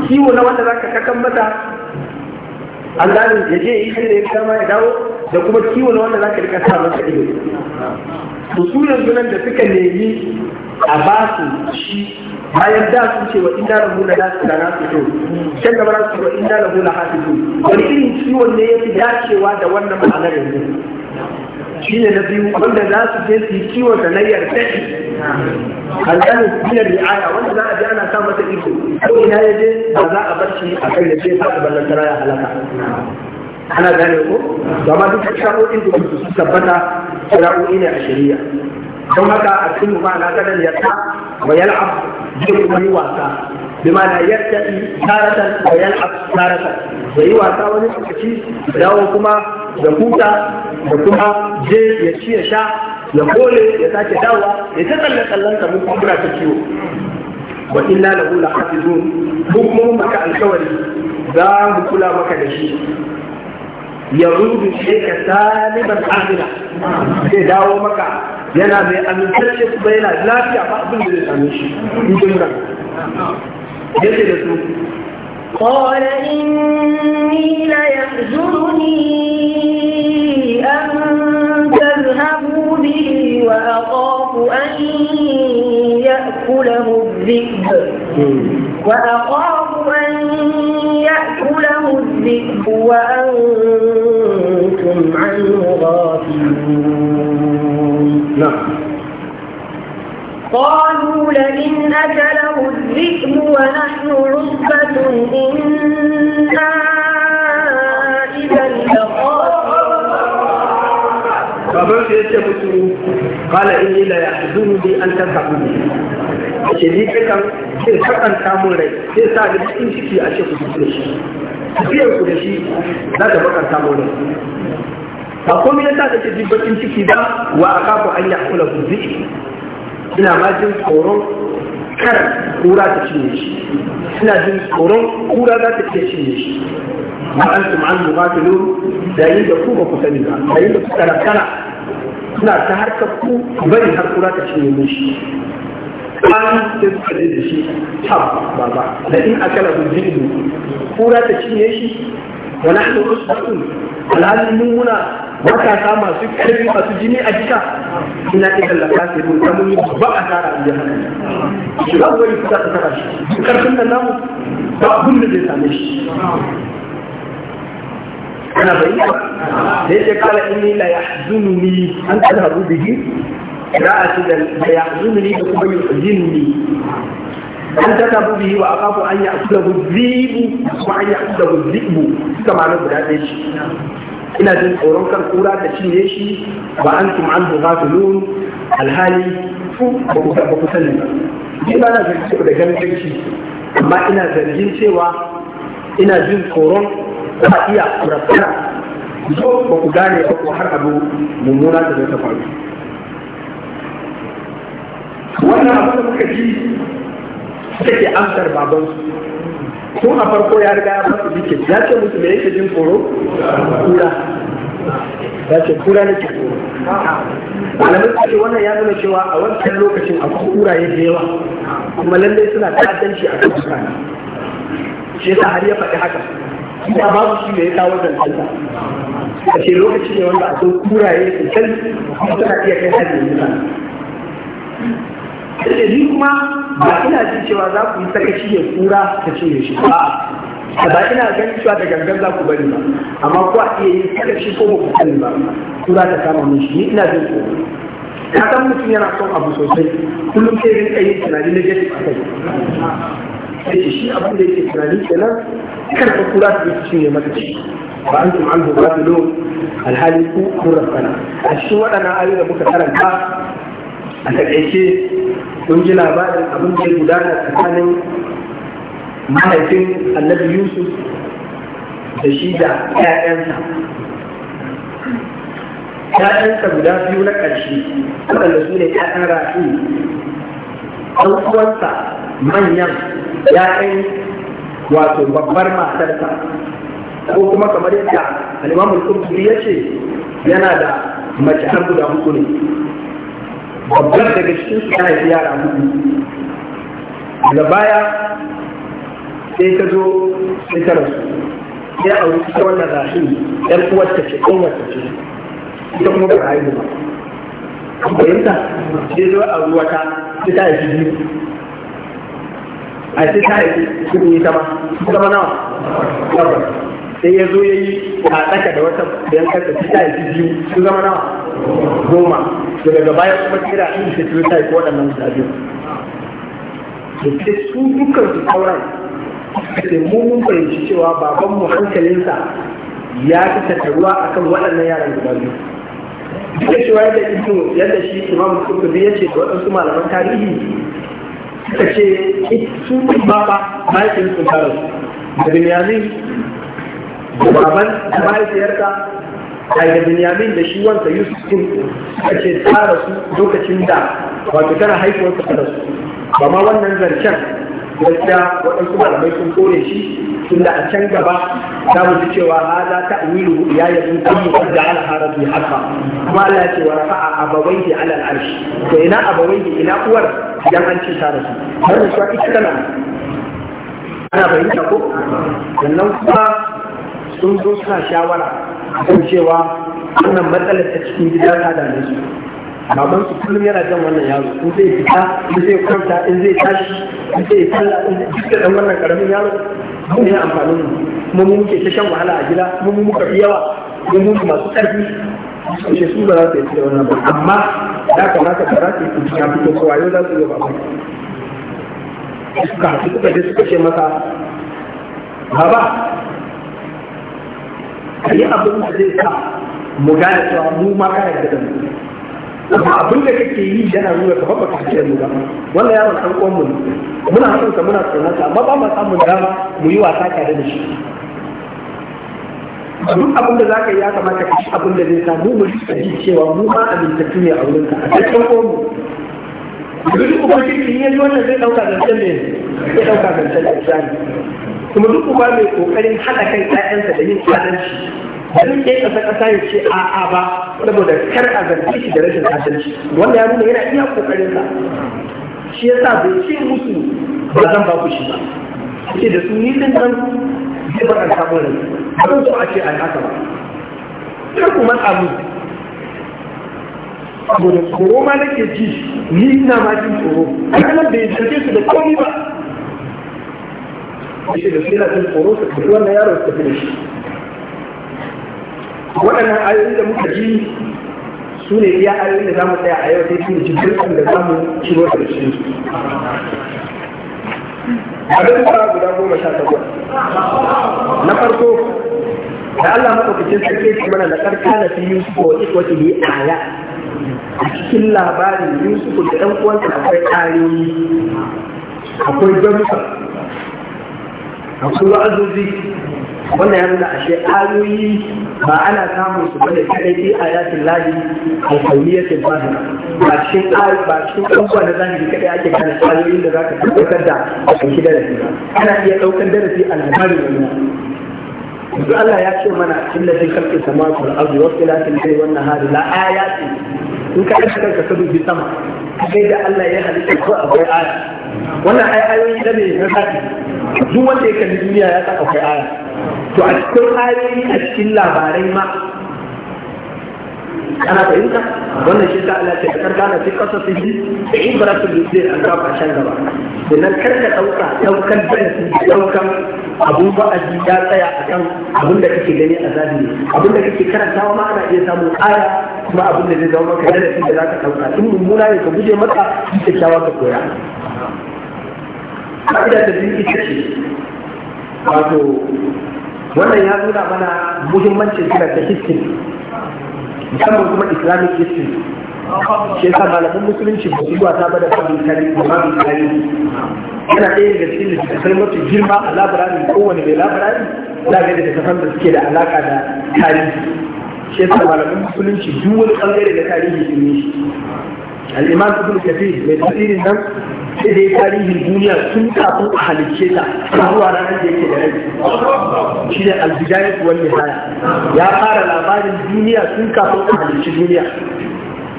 كيو نوانا ذاك ككمتا an gane ya je yi da ya kama ya dawo da kuma kiwon wanda za ka rika sa masa ido to su yanzu nan da suka nemi a ba su shi bayan da su ce wa inda na hula da su da na su to can gaba na su wa inda na hula wani irin kiwon ne ya fi dacewa da wannan ma'anar yanzu shi ne na biyu wanda za su je su yi kiwon sanayyar tashi alƙalin biyar ri'aya wanda za a je ana sa masa ido ko ina ya je ba za a bar shi a kan da ce sa ballan tara ya halaka ana gane ko ba ma duk sha'o'in da su tabbata sha'o'i ne a shari'a don haka a cikin ma'ana kadan ya ta wa yal'ab zai kuma yi wasa بمعنى يرتئي تارة taratan, تارة yi wasa wani lokaci dawo kuma da huta da kuma je ya ci ya sha ya kole ya sake dawa ya ta tsalle tsallen sa mun kuma ta ciwo wa inna lahu lahafizun mun kuma maka alkawari za mu kula maka da shi ya rudu shi ka saliban amina sai dawo maka yana mai amintacce kuma yana lafiya ba abin da zai same shi in
قال إني ليحزنني أن تذهبوا به وأخاف أن يأكله الذئب وأخاف أن يأكله الذئب وأنتم عنه غافلون نعم قالوا لئن أكله الذئب ونحن عصبة إنا
إذا لخاسرون
قال إني لا يحزنني أن تذهبوا
ake ni kan
zai sakanta mun rai zai sa da cikin ciki a ce ku da shi tafiyar ku da za ta bakanta mun rai ba komai ya da bakin ciki ba wa a kafa an yi akula ina ma jin tsoron kar kura ta cinye shi ina jin tsoron kura za ta iya cinye shi ma an su ma'an mugatilu da yi da ku ba ku sani ba da yi da ku karakara suna ta harkar ku bari har kura ta cinye shi an da suka da shi ba ba da in akala ku jini kura ta cinye shi ونحن مصدقون الآن نمونا وكا ساما سكرين فسجيني أجيكا في جهنم شباب ويبقى أسارا ذكر كنا نام بأهم نجي سامش أنا بأيه ليس قال إني an tata bihi wa aqafu an ya'kulahu dhibu wa an ya'kulahu dhibu kama na guda ɗaya shi ina jin tsoron kan kura da cinye shi ba an tum an ghafilun alhali fu ba ku ba ku sani ba ni ba na zargi da ganganci amma ina zargin cewa ina jin tsoron ba iya kurafana zo ba ku gane ba ko har abu mummuna da zai ta faru wannan abu da
muka ji
ita ke baban su. tun a farko ya riga ya fasa dike ya ce musu me yake jin tsoro kura ya ce kura ne ke tsoro malamin ce wannan ya zama cewa a wancan lokacin akwai kuraye da yawa kuma lallai suna ta'addanci a kan mutane shi yasa har ya faɗi haka a babu shi da ya kawo zantarsa a ce lokacin ne wanda akwai kuraye sosai kuma suna iya kai hajji mutane da ni kuma ba ina jin cewa za ku yi sakaci ya kura ta cinye shi ba ba ina ganin cewa da gangan za ku bari ba amma ko a iya yin sakaci ko ba ku sani ba kura ta kama mun shi ni ina jin tsoro ka san mutum yana son abu sosai kullum sai rinka yin tunani na jefi a kai sai shi abin da yake tunani kenan ka kura ta yi cinye mata shi ba an tum an hukatu alhali ku kun rafana a cikin waɗannan ayoyi da muka karanta a taƙaice kun ji labarin abin da ya gudana tsakanin mahaifin annabi yusuf da shi da 'ya'yansa ‘ya'yansa guda biyu na ƙarshe waɗanda su ne ‘ya'yan rafi ɗan uwansa manyan ‘ya'yan wato babbar matarsa ko kuma kamar yadda al'imamul kurkuri ya ce yana da mace har guda hukuni babbar daga cikin su ta haifi yara hudu daga baya sai ta zo sai ta rasu sai a wuce ta wannan rahim yan uwarta ce wata ce ita kuma ba yi ba an fahimta sai zo a ruwa ta sai ta haifi biyu a sai ta haifi su ne ta ma ta zama nawa sai ya zo ya yi tsaka da wata 'yan kasa ta haifi biyu su zama nawa goma to daga baya kuma kira in ta ciro ta ko waɗannan guda biyu da ke su dukkan su sauran da mu mun fahimci cewa baban mu hankalinsa ya fi tattaruwa akan waɗannan yaran guda biyu duk da cewa yadda ibnu yadda shi imamu kurkubi ya ce da waɗansu malaman tarihi suka ce su baba mahaifin sun fara da binyamin baban mahaifiyarka a da binyamin da shi wanda yusuf din ke ce tsara su lokacin da wato tana su da su ba ma wannan zancen gaskiya waɗansu malamai sun kore shi tun da a can gaba za mu cewa ha za ta amiru ya yi sun kan mutum da alhara bi haka kuma Allah ya ce wa rafa'a abawai da alal arshi to ina abawai da ina uwar idan an ce ta da su har da ita tana ana fahimta ko sannan kuma sun zo suna shawara kan cewa wannan matsalar ta cikin gida ta da su baban su kullum yana jan wannan yaro in zai fita in zai kwanta in zai tashi in zai tsalla in zai fita dan wannan karamin yaro mun yi amfani mu kuma mun muke ta shan wahala a gida kuma mun muka fi yawa mun mun masu ƙarfi sai su ba za su yi da wannan ba amma ya kamata ka rafi ku ya fito ko wayo za su yi baban suka suka je suka ce masa baba ka yi abin da zai sa mu gane cewa mu ma kana da mu amma abin da kake yi yana nuna ka babba kake mu ba wannan yaron ɗan uwan mu muna son ka muna tsoron ka amma ba mu samu dama mu yi wasa tare da shi duk abin da zaka yi ya kamata ka shi abin da zai sa mu mu rika ji cewa mu ma amintattu ne a wurinka a cikin mu duk ubangiji in yaji wannan zai ɗauka zancen ne zai ɗauka zancen da kuma duk uba mai kokarin haɗa kan ƴaƴansa da yin adalci da duk ya kasa kasa ya ce a'a ba saboda kar a zarge shi da rashin adalci wanda ya nuna yana iya kokarin sa shi ya sa bai ce musu ba zan ba ku shi ba ce da su ni din nan zai ba a samu ne ba zan so a ce an haka ba kar kuma matsa mu saboda tsoro ma nake ji ni ina ma jin tsoro a kanan bai zarge su da komi ba shi da su wannan yaro su tafi da shi waɗannan ayoyin da muka ji su ne iya ayoyin da za mu tsaya a yau sai su ne dukkan da za mu ciro da shi abin fara guda goma sha takwas na farko da Allah maɗaukacin sarki shi mana da karka da fi Yusuf wa ikwati ne aya a cikin labarin Yusuf da ɗan uwansa akwai ayoyi akwai gamsa akwai wa'azozi wannan ya nuna ashe ayoyi ba ana samun su bane kadai fi ayatin lahi alkauniyatin ba ba cikin ayi ba cikin abubuwa na zahiri kadai ake kana ayoyin da za ka ɗaukar da ɗauki darasi ana iya ɗaukar darasi a labarin wannan yanzu Allah ya ce mana cikin da zai kalfi sama ku da abu wasu lafin kai wannan hari la aya ce in ka ɗauka kanka ka dubi sama kai da Allah ya halitta ko akwai aya wannan ayoyi da ne na zafi duk wanda ya kalli duniya ya san akwai aya to a cikin ayoyi a cikin labarai ma ana fahimta wannan shi ta Allah ce ka karkana fi kasafi shi da ibrahim da zai an gaba a shan gaba sannan kar ka ɗauka ɗaukan darasi ɗaukan abun ba'aji ya tsaya a kan abin da kake gani a zahiri abin da kake karantawa ma ana iya samun aya kuma abin da zai zama maka darasi da za ka ɗauka in mummuna ne ka guje mata da kyakkyawa ka koya ƙa'ida ta biyu ita ce wato wannan ya nuna mana muhimmancin kira ta history musamman kuma islamic history shi yasa malamin musulunci ba su zuwa ta bada babin kari da babin kari yana ɗaya da cikin littattafai mafi girma a labirari kowane mai labirari za ga da littattafan da suke da alaka da tarihi shi yasa malamin musulunci duk wani ɓangare da tarihi sun yi shi al'imam ibn kafi mai tasirin nan sai dai tarihin duniya tun kafin a halicce ta zuwa ranar da yake da rai shi ne albidayat wal nihaya ya fara labarin duniya tun kafin a halicci duniya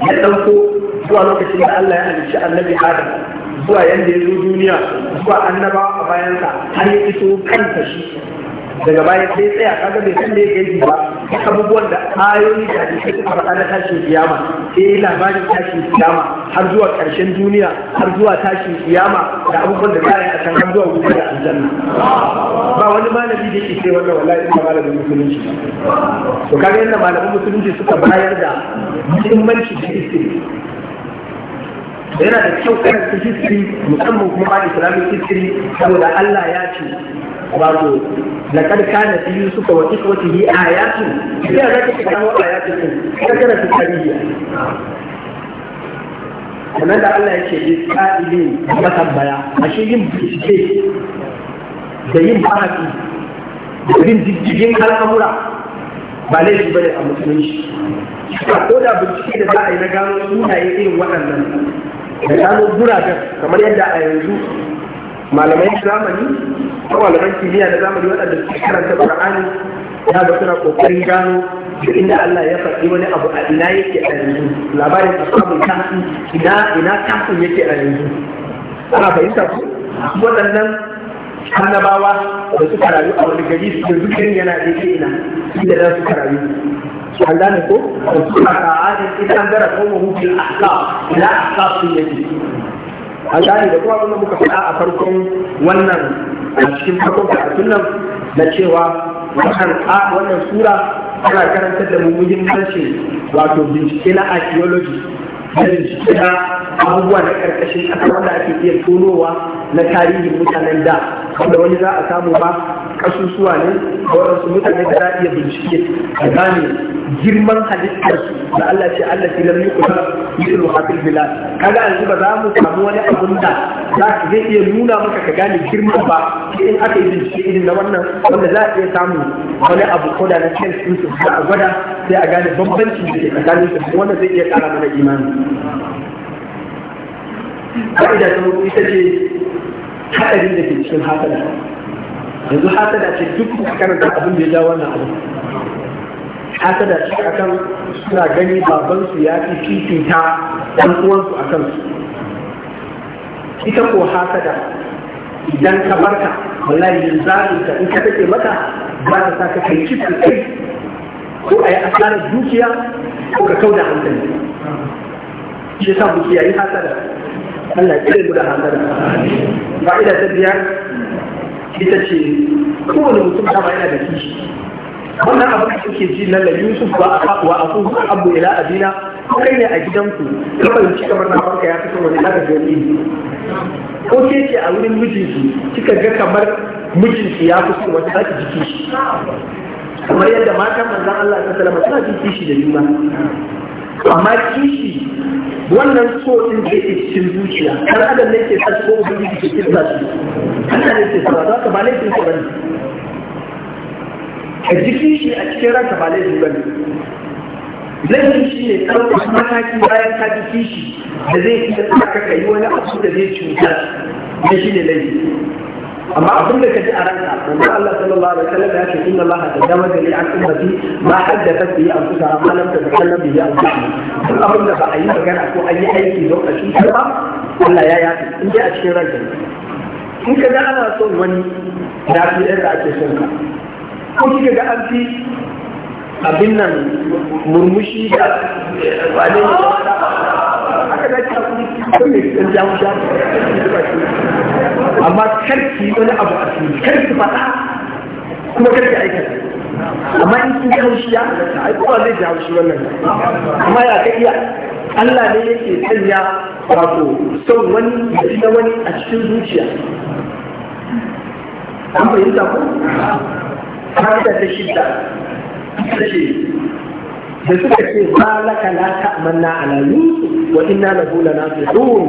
ya ɗauko zuwa lokacin da Allah ya halicci annabi Adam zuwa yanda ya zo duniya zuwa annaba a bayansa har ya iso kanta shi daga baya sai tsaya kaga bai san da yake ba abubuwan da ayoyi da ake suka faɗa na tashin kiyama sai labarin tashin kiyama har zuwa ƙarshen duniya har zuwa tashin kiyama da abubuwan da za a yi a can har zuwa wuce da aljanna ba wani malami da yake sai wannan wallahi ina malamin musulunci to kaga yadda malamin musulunci suka bayar da muhimmanci da istiri yana da kyau karanta history musamman kuma ba islamic history saboda Allah ya ce wato laqad kana fi yusuf wa ikhwatihi ayatu sai za ka kawo ayatun ka kana su tarihi sannan da Allah yake yi ka'ili da a ashe yin bishe da yin bahaki da bin diddigin al'amura ba laifi bane a musulunci a ko da bincike da za a yi na gano sunaye irin waɗannan da gano guraben kamar yadda a yanzu malamai zamani ko malaman kimiyya na zamani waɗanda suke karanta qur'ani ya ga suna kokarin gano inda Allah ya faɗi wani abu a ina yake a yanzu labarin ashabul kahfi ina ina kafin yake a yanzu ana fahimta ku waɗannan annabawa da suka rayu a wani gari su yanzu gari yana yake ina inda za su rayu an gane ko da suka ka'adin idan gara kawo hukun ahkam ila ahkam sun yake a da kuma wanda muka faɗa a farkon wannan a cikin farkon karatun nan na cewa wannan sura ana karantar da mu muhimmanci wato bincike na archaeology da bincike na abubuwa na ƙarƙashin ƙasa wanda ake iya tonowa na tarihin mutanen da wanda wani za a samu ba kasusuwa ne waɗansu mutane da za a iya bincike a gane girman halittar da Allah ce Allah ce lam yukuta yusru hafil bilad kaga yanzu ba za mu samu wani abun da za ka zai iya nuna maka ka gane girman ba sai in aka yi bincike irin na wannan wanda za a iya samu wani abu ko da na kan su da a gwada sai a gane bambancin da ke tsakanin su wanda zai iya kara mana imani ka'ida ta mutu ita ce haɗarin da ke cikin hasada yanzu hasada ce duk a karanta abin da ya ja wannan abin. hasada ce akan suna gani babansu ya fi fifita ɗan uwansu a kansu ita ko hasada idan ka barka wallahi yin zalunta in ka take mata za ta sa ka kai kifin kai ko a yi asarar dukiya ko ka kauda hankali shi yasa mu kiyaye hasada Allah ya kire mu da hasara fa'ida ta biyar ita ce kowane mutum dama yana da kishi wannan abin da kuke ji nan da Yusuf wa wa aku abu ila abina ko kai ne a gidanku ka fahimci kamar na farka ya fito wani aka gani ko ke ce a wurin mijinki kika ga kamar mijinki ya fito wata zaki jiki kamar yadda matan manzon Allah ta salama suna jin kishi da juna amma kishi wannan so din da yake cikin zuciya kan adam ne ke tashi ko ubangiji ke cikin zaci Allah ne ke fara za ka ba laifin ka bane ka ji kishi a cikin ranka ba laifin bane laifin shi ne ɗaukar mataki bayan ka ji kishi da zai iya tsaka ka yi wani abu da zai cuta da shi ne laifi amma abin da kaji a ranka manzo Allah sallallahu alaihi wasallam ya ce inna Allah qaddama li an ummati ma haddathat bi anfusaha ma lam tatakallam bi anfusaha duk abin da ba a yi magana ko an yi aiki don a shi ba Allah ya yafi in dai a cikin ranka in ka ga ana son wani da fi da ake son ka ko kika ga an fi abin nan murmushi da wane aka haka da ki hakuri ko ne dan jawo shi amma karki wani abu a cikin karki faɗa kuma karki aikata amma in kin ji ya ai kowa zai ji haushi wannan amma ya ka iya Allah ne yake sanya wato son wani da ina wani a cikin zuciya an fahimta ko haka ta shidda ta ce da suka ce ba laka la ta'manna ala yusuf wa inna lahu lanasihun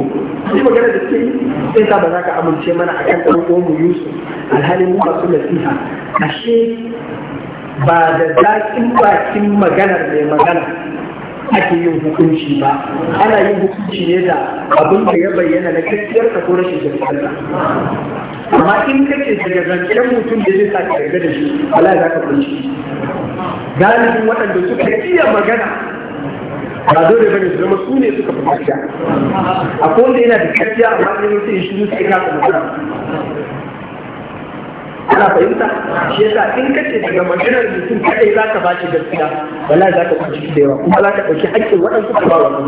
shi magana da ke sai ba za ka amince mana akan dan uwan yusuf alhalin mu masu nasiha ashe ba da zakin bakin maganar mai magana ake yin hukunci ba ana yin hukunci ne da abin da ya bayyana na kakkiyar ka ko rashin gaskiyar amma in kace daga zancen mutum da zai sake yarda da shi ala za ka kunci galibin waɗanda suka iya magana ba dole bane su zama su ne suka fi gaskiya akwai wanda yana da gaskiya amma ne mutum shi ne sai ka magana ana fahimta shi yasa in kace daga maganar mutum kadai za ka bashi gaskiya wallahi za ka kwanci da yawa kuma za ka ɗauki haƙƙin waɗansu ka ba wa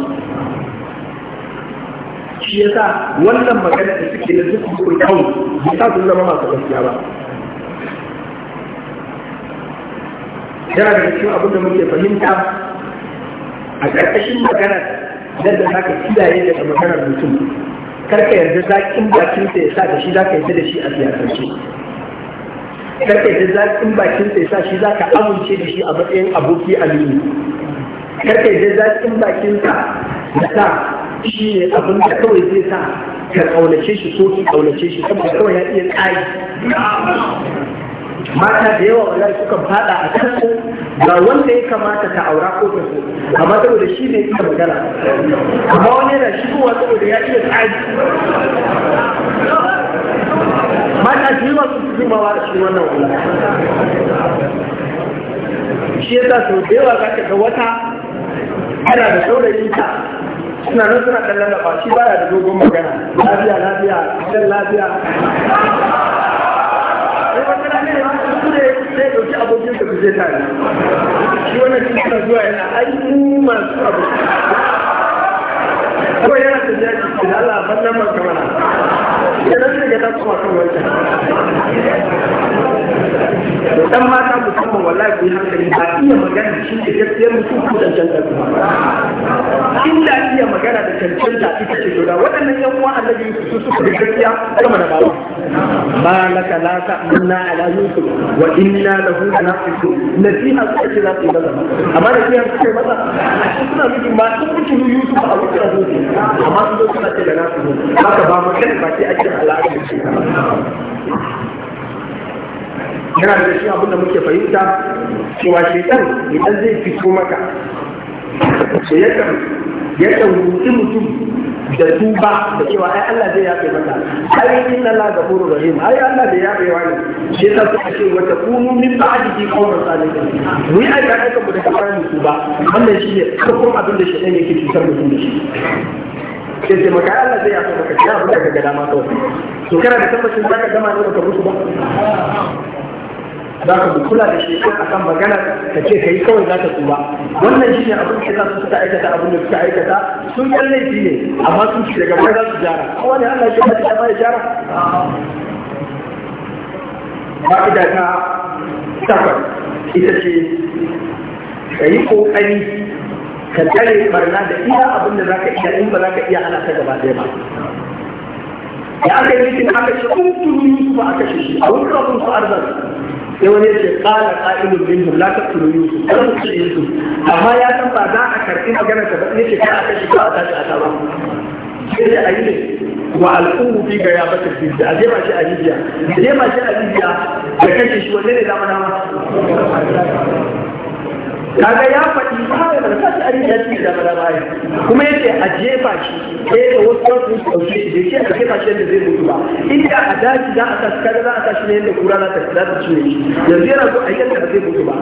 shi yasa wannan magana da suke da duk hukun kawo bai sa su zama masu gaskiya ba yana da cikin abin da muke fahimta a ƙarƙashin maganar yadda za ka kiyaye daga maganar mutum karka yarda zaƙin bakinsa ya sa da shi za ka yarda da shi a siyasance karka ji zaƙin bakin sai sa shi za ka amince da shi a matsayin aboki amini karka ji zaƙin bakin sa da sa shi ne abin da kawai zai sa ka kaunace shi ko ki kaunace shi saboda kawai ya iya tsari mata da yawa wallahi sukan fada a kansu ga wanda ya kamata ta aura ko ka so amma saboda shi ne ita magana amma wani
yana shigowa saboda ya iya tsari
kamata shi su zubawa a cikin wannan wula shi ya sa sau da yawa za ka ga wata
ana da saurayin ta
suna nan suna ɗan lalaba shi baya da dogon magana lafiya lafiya ɗan lafiya sai wata lafiya ya su ne sai ɗauki abokin ka su zai tare shi wannan shi suna zuwa yana aiki masu abokin kawai yana tafiya cikin Allah ban nan man kamar da nan da ta kuma kan wancan to dan mata musamman wallahi ku hankali ba iya magana shi ne gaskiyar mutum ku da cancanta inda iya magana da cancanta ita ce da waɗannan yan uwa annabi
su suka da gaskiya kuma da baba ma
laka la ta'minna ala yusuf wa inna lahu lanafisu nasiha suka ce za su yi maza amma da kiyar suka yi maza a cikin suna nufin ma sun mutu yusuf a wuce da hutu amma sun zo suna ce da nasu haka ba mu kan ba ce ake ala'adar shi yana da shi abin da muke fahimta cewa shaitan idan zai fito maka so yakan kan rufi mutum da duba da cewa ai Allah zai yafe maka ai inna la gafuru rahim ai Allah da yafe wani shi ta ce ce wata kunu min da qawlan salihin mu yi ka aika mu da kafara mu tuba wannan shi ne farkon abin da ne yake cutar mutum da shi sai ce maka Allah zai yaso maka ya abu daga gada dama kawai to kana da tabbacin za ka gama ne baka musu ba za ka kula da shi a kan magana ka ce ka yi kawai za ka tsuba wannan shi ne abin da su suka aikata abin da suka aikata sun yan laifi ne amma sun ci daga baya za su gyara Kuma ne Allah ya ce ba da ya gyara fa'ida ta takwas ita ce ka yi ƙoƙari ka tare barna da iya abin da zaka iya in ba zaka iya hana ta gaba ɗaya ba ya aka yi cikin aka ce kun tuni Yusuf aka ce shi a wurin rabin su arzan sai wani ce kala qa'ilun minhum la taqtulu Yusuf la su. Yusuf amma ya san ba za a karɓi magana ta ba yace ka aka shi ko a tashi a ta ba sai da ayi wa al'ummu fi ga ya bata bidda a jefa shi a Libya a jefa shi a Libya da kashe shi wanne ne zama nama kaga ya faɗi sahaba da sashi a rijiya cikin da mara bayan kuma ya ce a jefa shi ɗaya da wasu wasu su ɗauke shi da shi a jefa shi yadda zai mutu ba inda a daji za a sa shi za a sa shi ne yadda kura za ta za ta cire shi yanzu yana zo a yi yadda ba zai mutu ba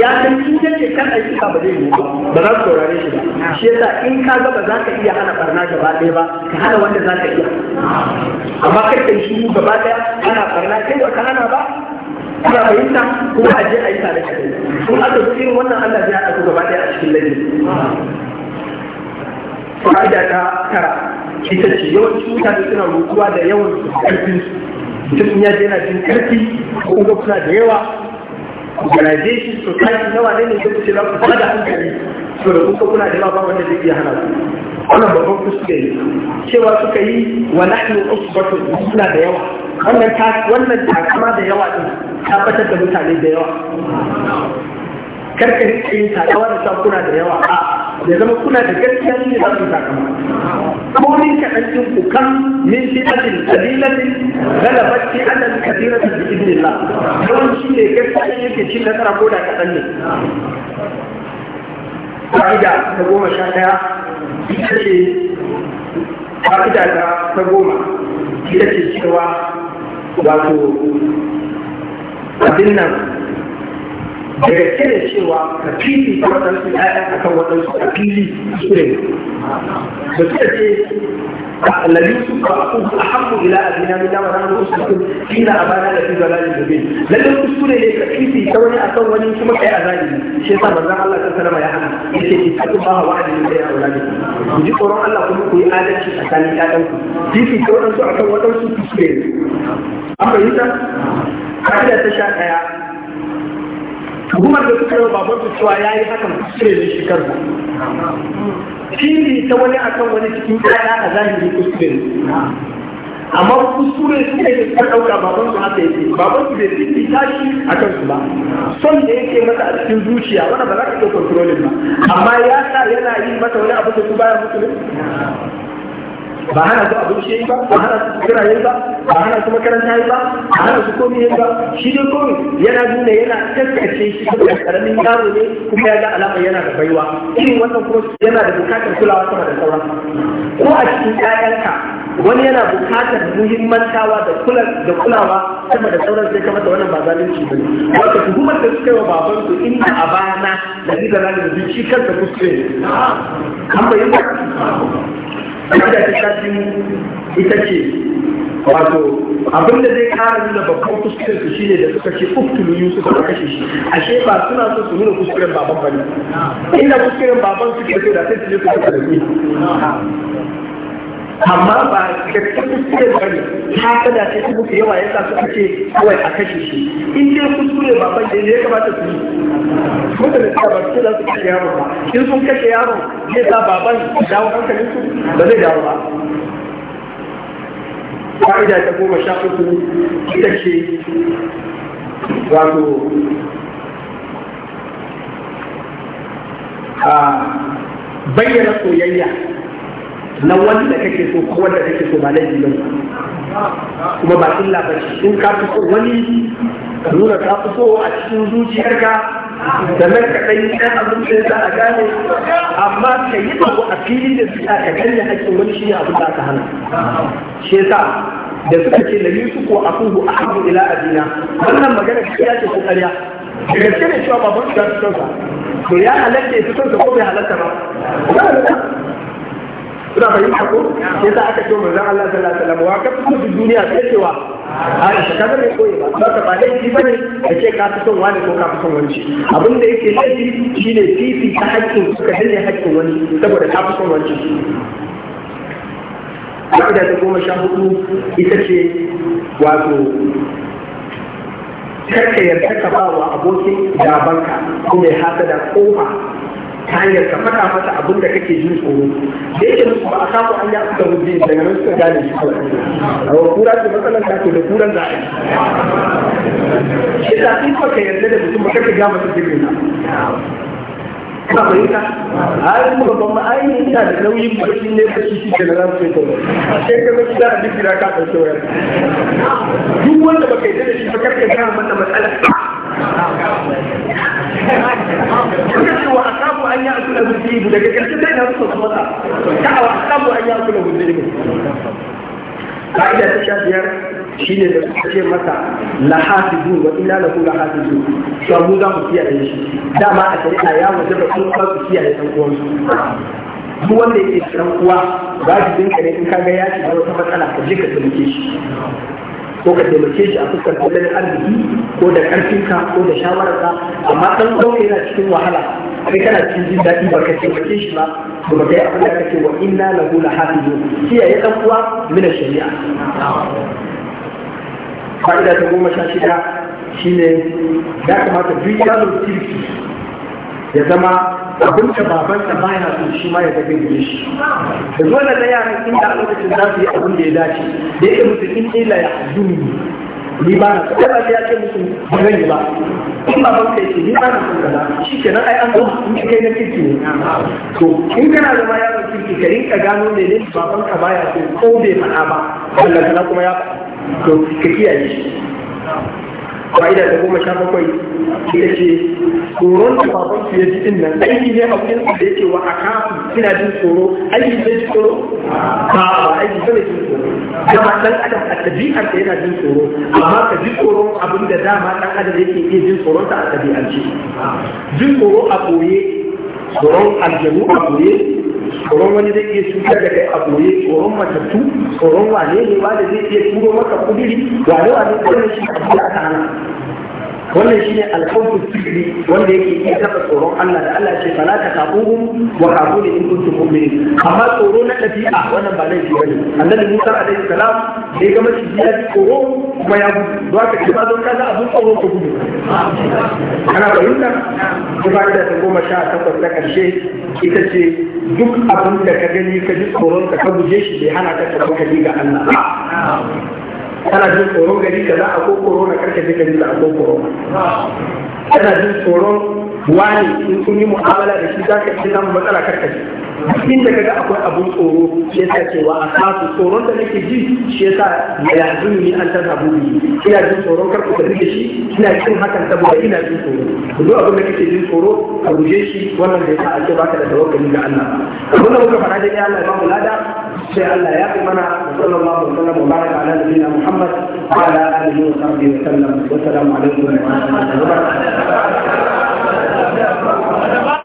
ya san in ya ce kan aiki ba zai mutu ba Ba za su saurare shi ba shi yasa in ka ga ba za ka iya hana barna gaba ɗaya ba ka hana wanda za ka iya amma kai kai shi gaba ɗaya ana barna kai ba ka hana ba a yi fahimta kuma a je a yi tare da kai kun aka irin wannan Allah ya haɗa gaba ɗaya a cikin laifin. fa'ida ta tara ita ce yawanci mutane suna rutuwa da yawan karfin mutum ya je na jin karfi ko kuma suna da yawa organization society na wane ne zai ce za ku fada hankali So da kuka kuna da yawa ba wanda zai iya hana ku wannan babban kuskure ne cewa suka yi wa nahnu usbatun suna da yawa wannan ta wannan takama da yawa din tabbatar da mutane da yawa karka yi yin takawa da kuna da yawa a da zama kuna da gaskiyar ne za su takama ko ni ka dan cin ku kan min a qalilatin galabat shi'atan kathiratan bi idnillah don shi ne gaskiya yake cin nasara ko da kadan ne fa'ida ta goma sha daya ita ce fa'ida ta goma ita ce cewa wato abin nan daga cire cewa ka fili ta waɗansu ya'ya a kan a fili su ne da suka ce a alladin su a kuma a hannu ila a zina mai dama ranar wasu sun fina a bana da fi zalali da bin ne ka fili ta wani a kan wani kuma kai a zali shi yasa manzan Allah ta sarama ya hana ya ce ki tafi ba wa da tsoron Allah kuma ku yi adalci a tsakanin ya'yanku fili ta waɗansu a kan waɗansu su ne. ka'ida ta sha ɗaya tuhumar da suka yi babar su cewa ya yi hakan kusure ne shi karbo fili ta wani akan wani cikin ƙara a zahiri kuskure ne amma kusure su ne da suka ɗauka baban su haka yake baban su bai fi tashi a kansu ba son da yake masa a cikin zuciya wanda ba za ka ɗauka kontrolin ba amma ya sa yana yi masa wani abu da su baya mutu ne ba hana su abinci yayi ba ba hana su kira yi ba ba hana su makaranta yi ba ba hana su komi yi ba shi dai komai yana nuna yana tattace shi saboda karamin yaro ne kuma ya ga alama yana da baiwa irin wannan kuma yana da bukatar kulawa sama da sauran ko a cikin
ƴaƴanka wani yana
bukatar muhimmantawa da kula da kulawa sama da sauran sai kamar da wannan ba zalunci ba ne wato tuhumar da suka yi wa baban su inda a bana da ni da zalunci shi kansa kuskure an abinda ta shafi ita ce wato abinda zai kara nuna babban kuskuren su shine da suka ce uktulu yusuf a kashe shi ashe ba suna so su nuna kuskuren baban bane inda kuskuren baban suke so da sai su je su kashe amma ba cikakken kuskure ba ne ta kada ce su yawa yawa sa suka ce kawai a kashe shi in dai kuskure ba ban da ya kamata su yi ko da ta ba su su kashe yaron ba in sun kashe yaron zai sa baban dawo hankalin su ba zai dawo ba fa'ida ta goma sha uku ita ce wato bayyana soyayya
na wanda kake so ko
wanda kake so ba laifi ba kuma ba illa ba ce in ka fi so wani ka nuna ka fi so a cikin zuciyarka da nan ka ɗan yi ɗan abin da za a gane amma ka yi abu a fili da su ka ganye hakkin wani shi ne abin da aka hana shi yasa da suka ce da yusu ko a ahabu ila adina wannan magana gaskiya ce ko ƙarya da gaske ne cewa baban su ya fi kansa to ya halatta ya fi kansa ko bai halatta ba kuna fahimta ko sai sa aka ce manzo Allah sallallahu alaihi wasallam wa ka fito da duniya sai cewa Aisha ka zama koyi ba ba ka ba laifi bane da ce ka fi son wani ko ka fi son wani abin da yake laifi shine fifi ta haƙƙin suka danne haƙƙin wani saboda ka fi son wani Ka'ida ta goma sha hudu ita ce wato karka yarda ka ba wa abokin gabanka ko mai da kofa ta hanyar ka faɗa masa abin da kake jin tsoro da yake musu ba a samu an ya suka rubi daga nan suka gane shi kawai a wa kura ce matsalar ta ce da kuran za a yi shi ta ka yarda da mutum ba kake ga masa jirgin na
ka fahimta a
yi kuma ba ma ai ina da nauyin barci ne ka shi shi da ran sai kawai sai ka zai da abin da ka ɗauke wayar duk wanda baka yarda da shi ba kake ga masa matsalar kuka ce an yi daga an yi ka'ida ta sha biyar shi ne da suka ce masa lahasibu wa ina lahu lahasibu to mu za mu kiyaye shi dama a shari'a ya waje ba kuma ba su kiyaye ɗan uwansu wanda yake ɗan uwa ba su dinka ne in ka ga ya shiga wata matsala ka je ka tsamuke shi ko ka taimake shi a fuskar tattalin arziki ko da ƙarfinka ko da shawararka amma ɗan zaune yana cikin wahala kai kana cikin jin daɗi ba ka taimake shi ba to ba kai abin da kake wa inna lahu la hafizu kiyaye ɗan uwa mina shari'a fa'ida ta goma sha shida shine ya kamata duk yaron kirki ya zama abin da baban da baya so shi ma ya tafi gare shi da zuwa da yaran inda da lokacin za su yi abin da ya dace da yake musu in ila ya zuni ni ba na so ba ya ce musu ba zan yi ba in ban kai ce ni ba na so shi kenan ai an zo in kai na kirki ne to in kana zama yaro kirki ka rinka gano ne ne baban ka baya so ko bai faɗa ba Allah kuma ya faɗa to ka kiyaye shi fa'ida da goma sha bakwai ita ce tsoron da baban su ya ji din nan aiki ne a cikin da yake wa akafu Ina jin tsoro aiki ne ji tsoro ba ba aiki ne jin tsoro dama dan adam a tabi'ar da yana jin tsoro amma ka ji tsoro abin da dama dan adam yake iya jin tsoron ta a tabi'ance jin tsoro a koye tsoron aljanu a koye tsoron wani zai iya cutar da kai a koye tsoron matattu tsoron wane ne da zai iya turo maka kudiri wane wane kawai shi a da aka wannan shine alkhawfu sirri wanda yake iya taba tsoron Allah da Allah ce fala ta kafuhum wa kafuni in kuntum mu'minin amma tsoro na dabi'a wannan ba laifi bane annabi Musa alaihi salam da ya ga mashi ya tsoro kuma ya gudu don haka kuma don kaza abun tsoro ko gudu kana fahimta ko ba da ta goma sha takwas ta karshe ita ce duk abin da ka gani ka ji tsoron ka ka guje shi bai hana ka tafi ga Allah kana jin tsoron gari za a ko corona karka je gari da a ko corona kana jin tsoron wani in sun yi mu'amala da shi za ka ci samun matsala karka ji inda kaga akwai abun tsoro shi yasa cewa a kasu tsoron da nake ji shi yasa ya jin ni an san abu ina jin tsoron karku da rike shi ina jin hakan saboda ina jin tsoro duk abin da kake jin tsoro ka guje shi wannan da yasa a ce baka da tawakkali ga Allah abin da muka fara da ya Allah ya ba mu lada sai Allah ya fi mana sallallahu alaihi wasallam wa baraka ala nabiyina Muhammad ala alihi wa
sahbihi wa sallam wa assalamu alaikum wa rahmatullahi wa barakatuh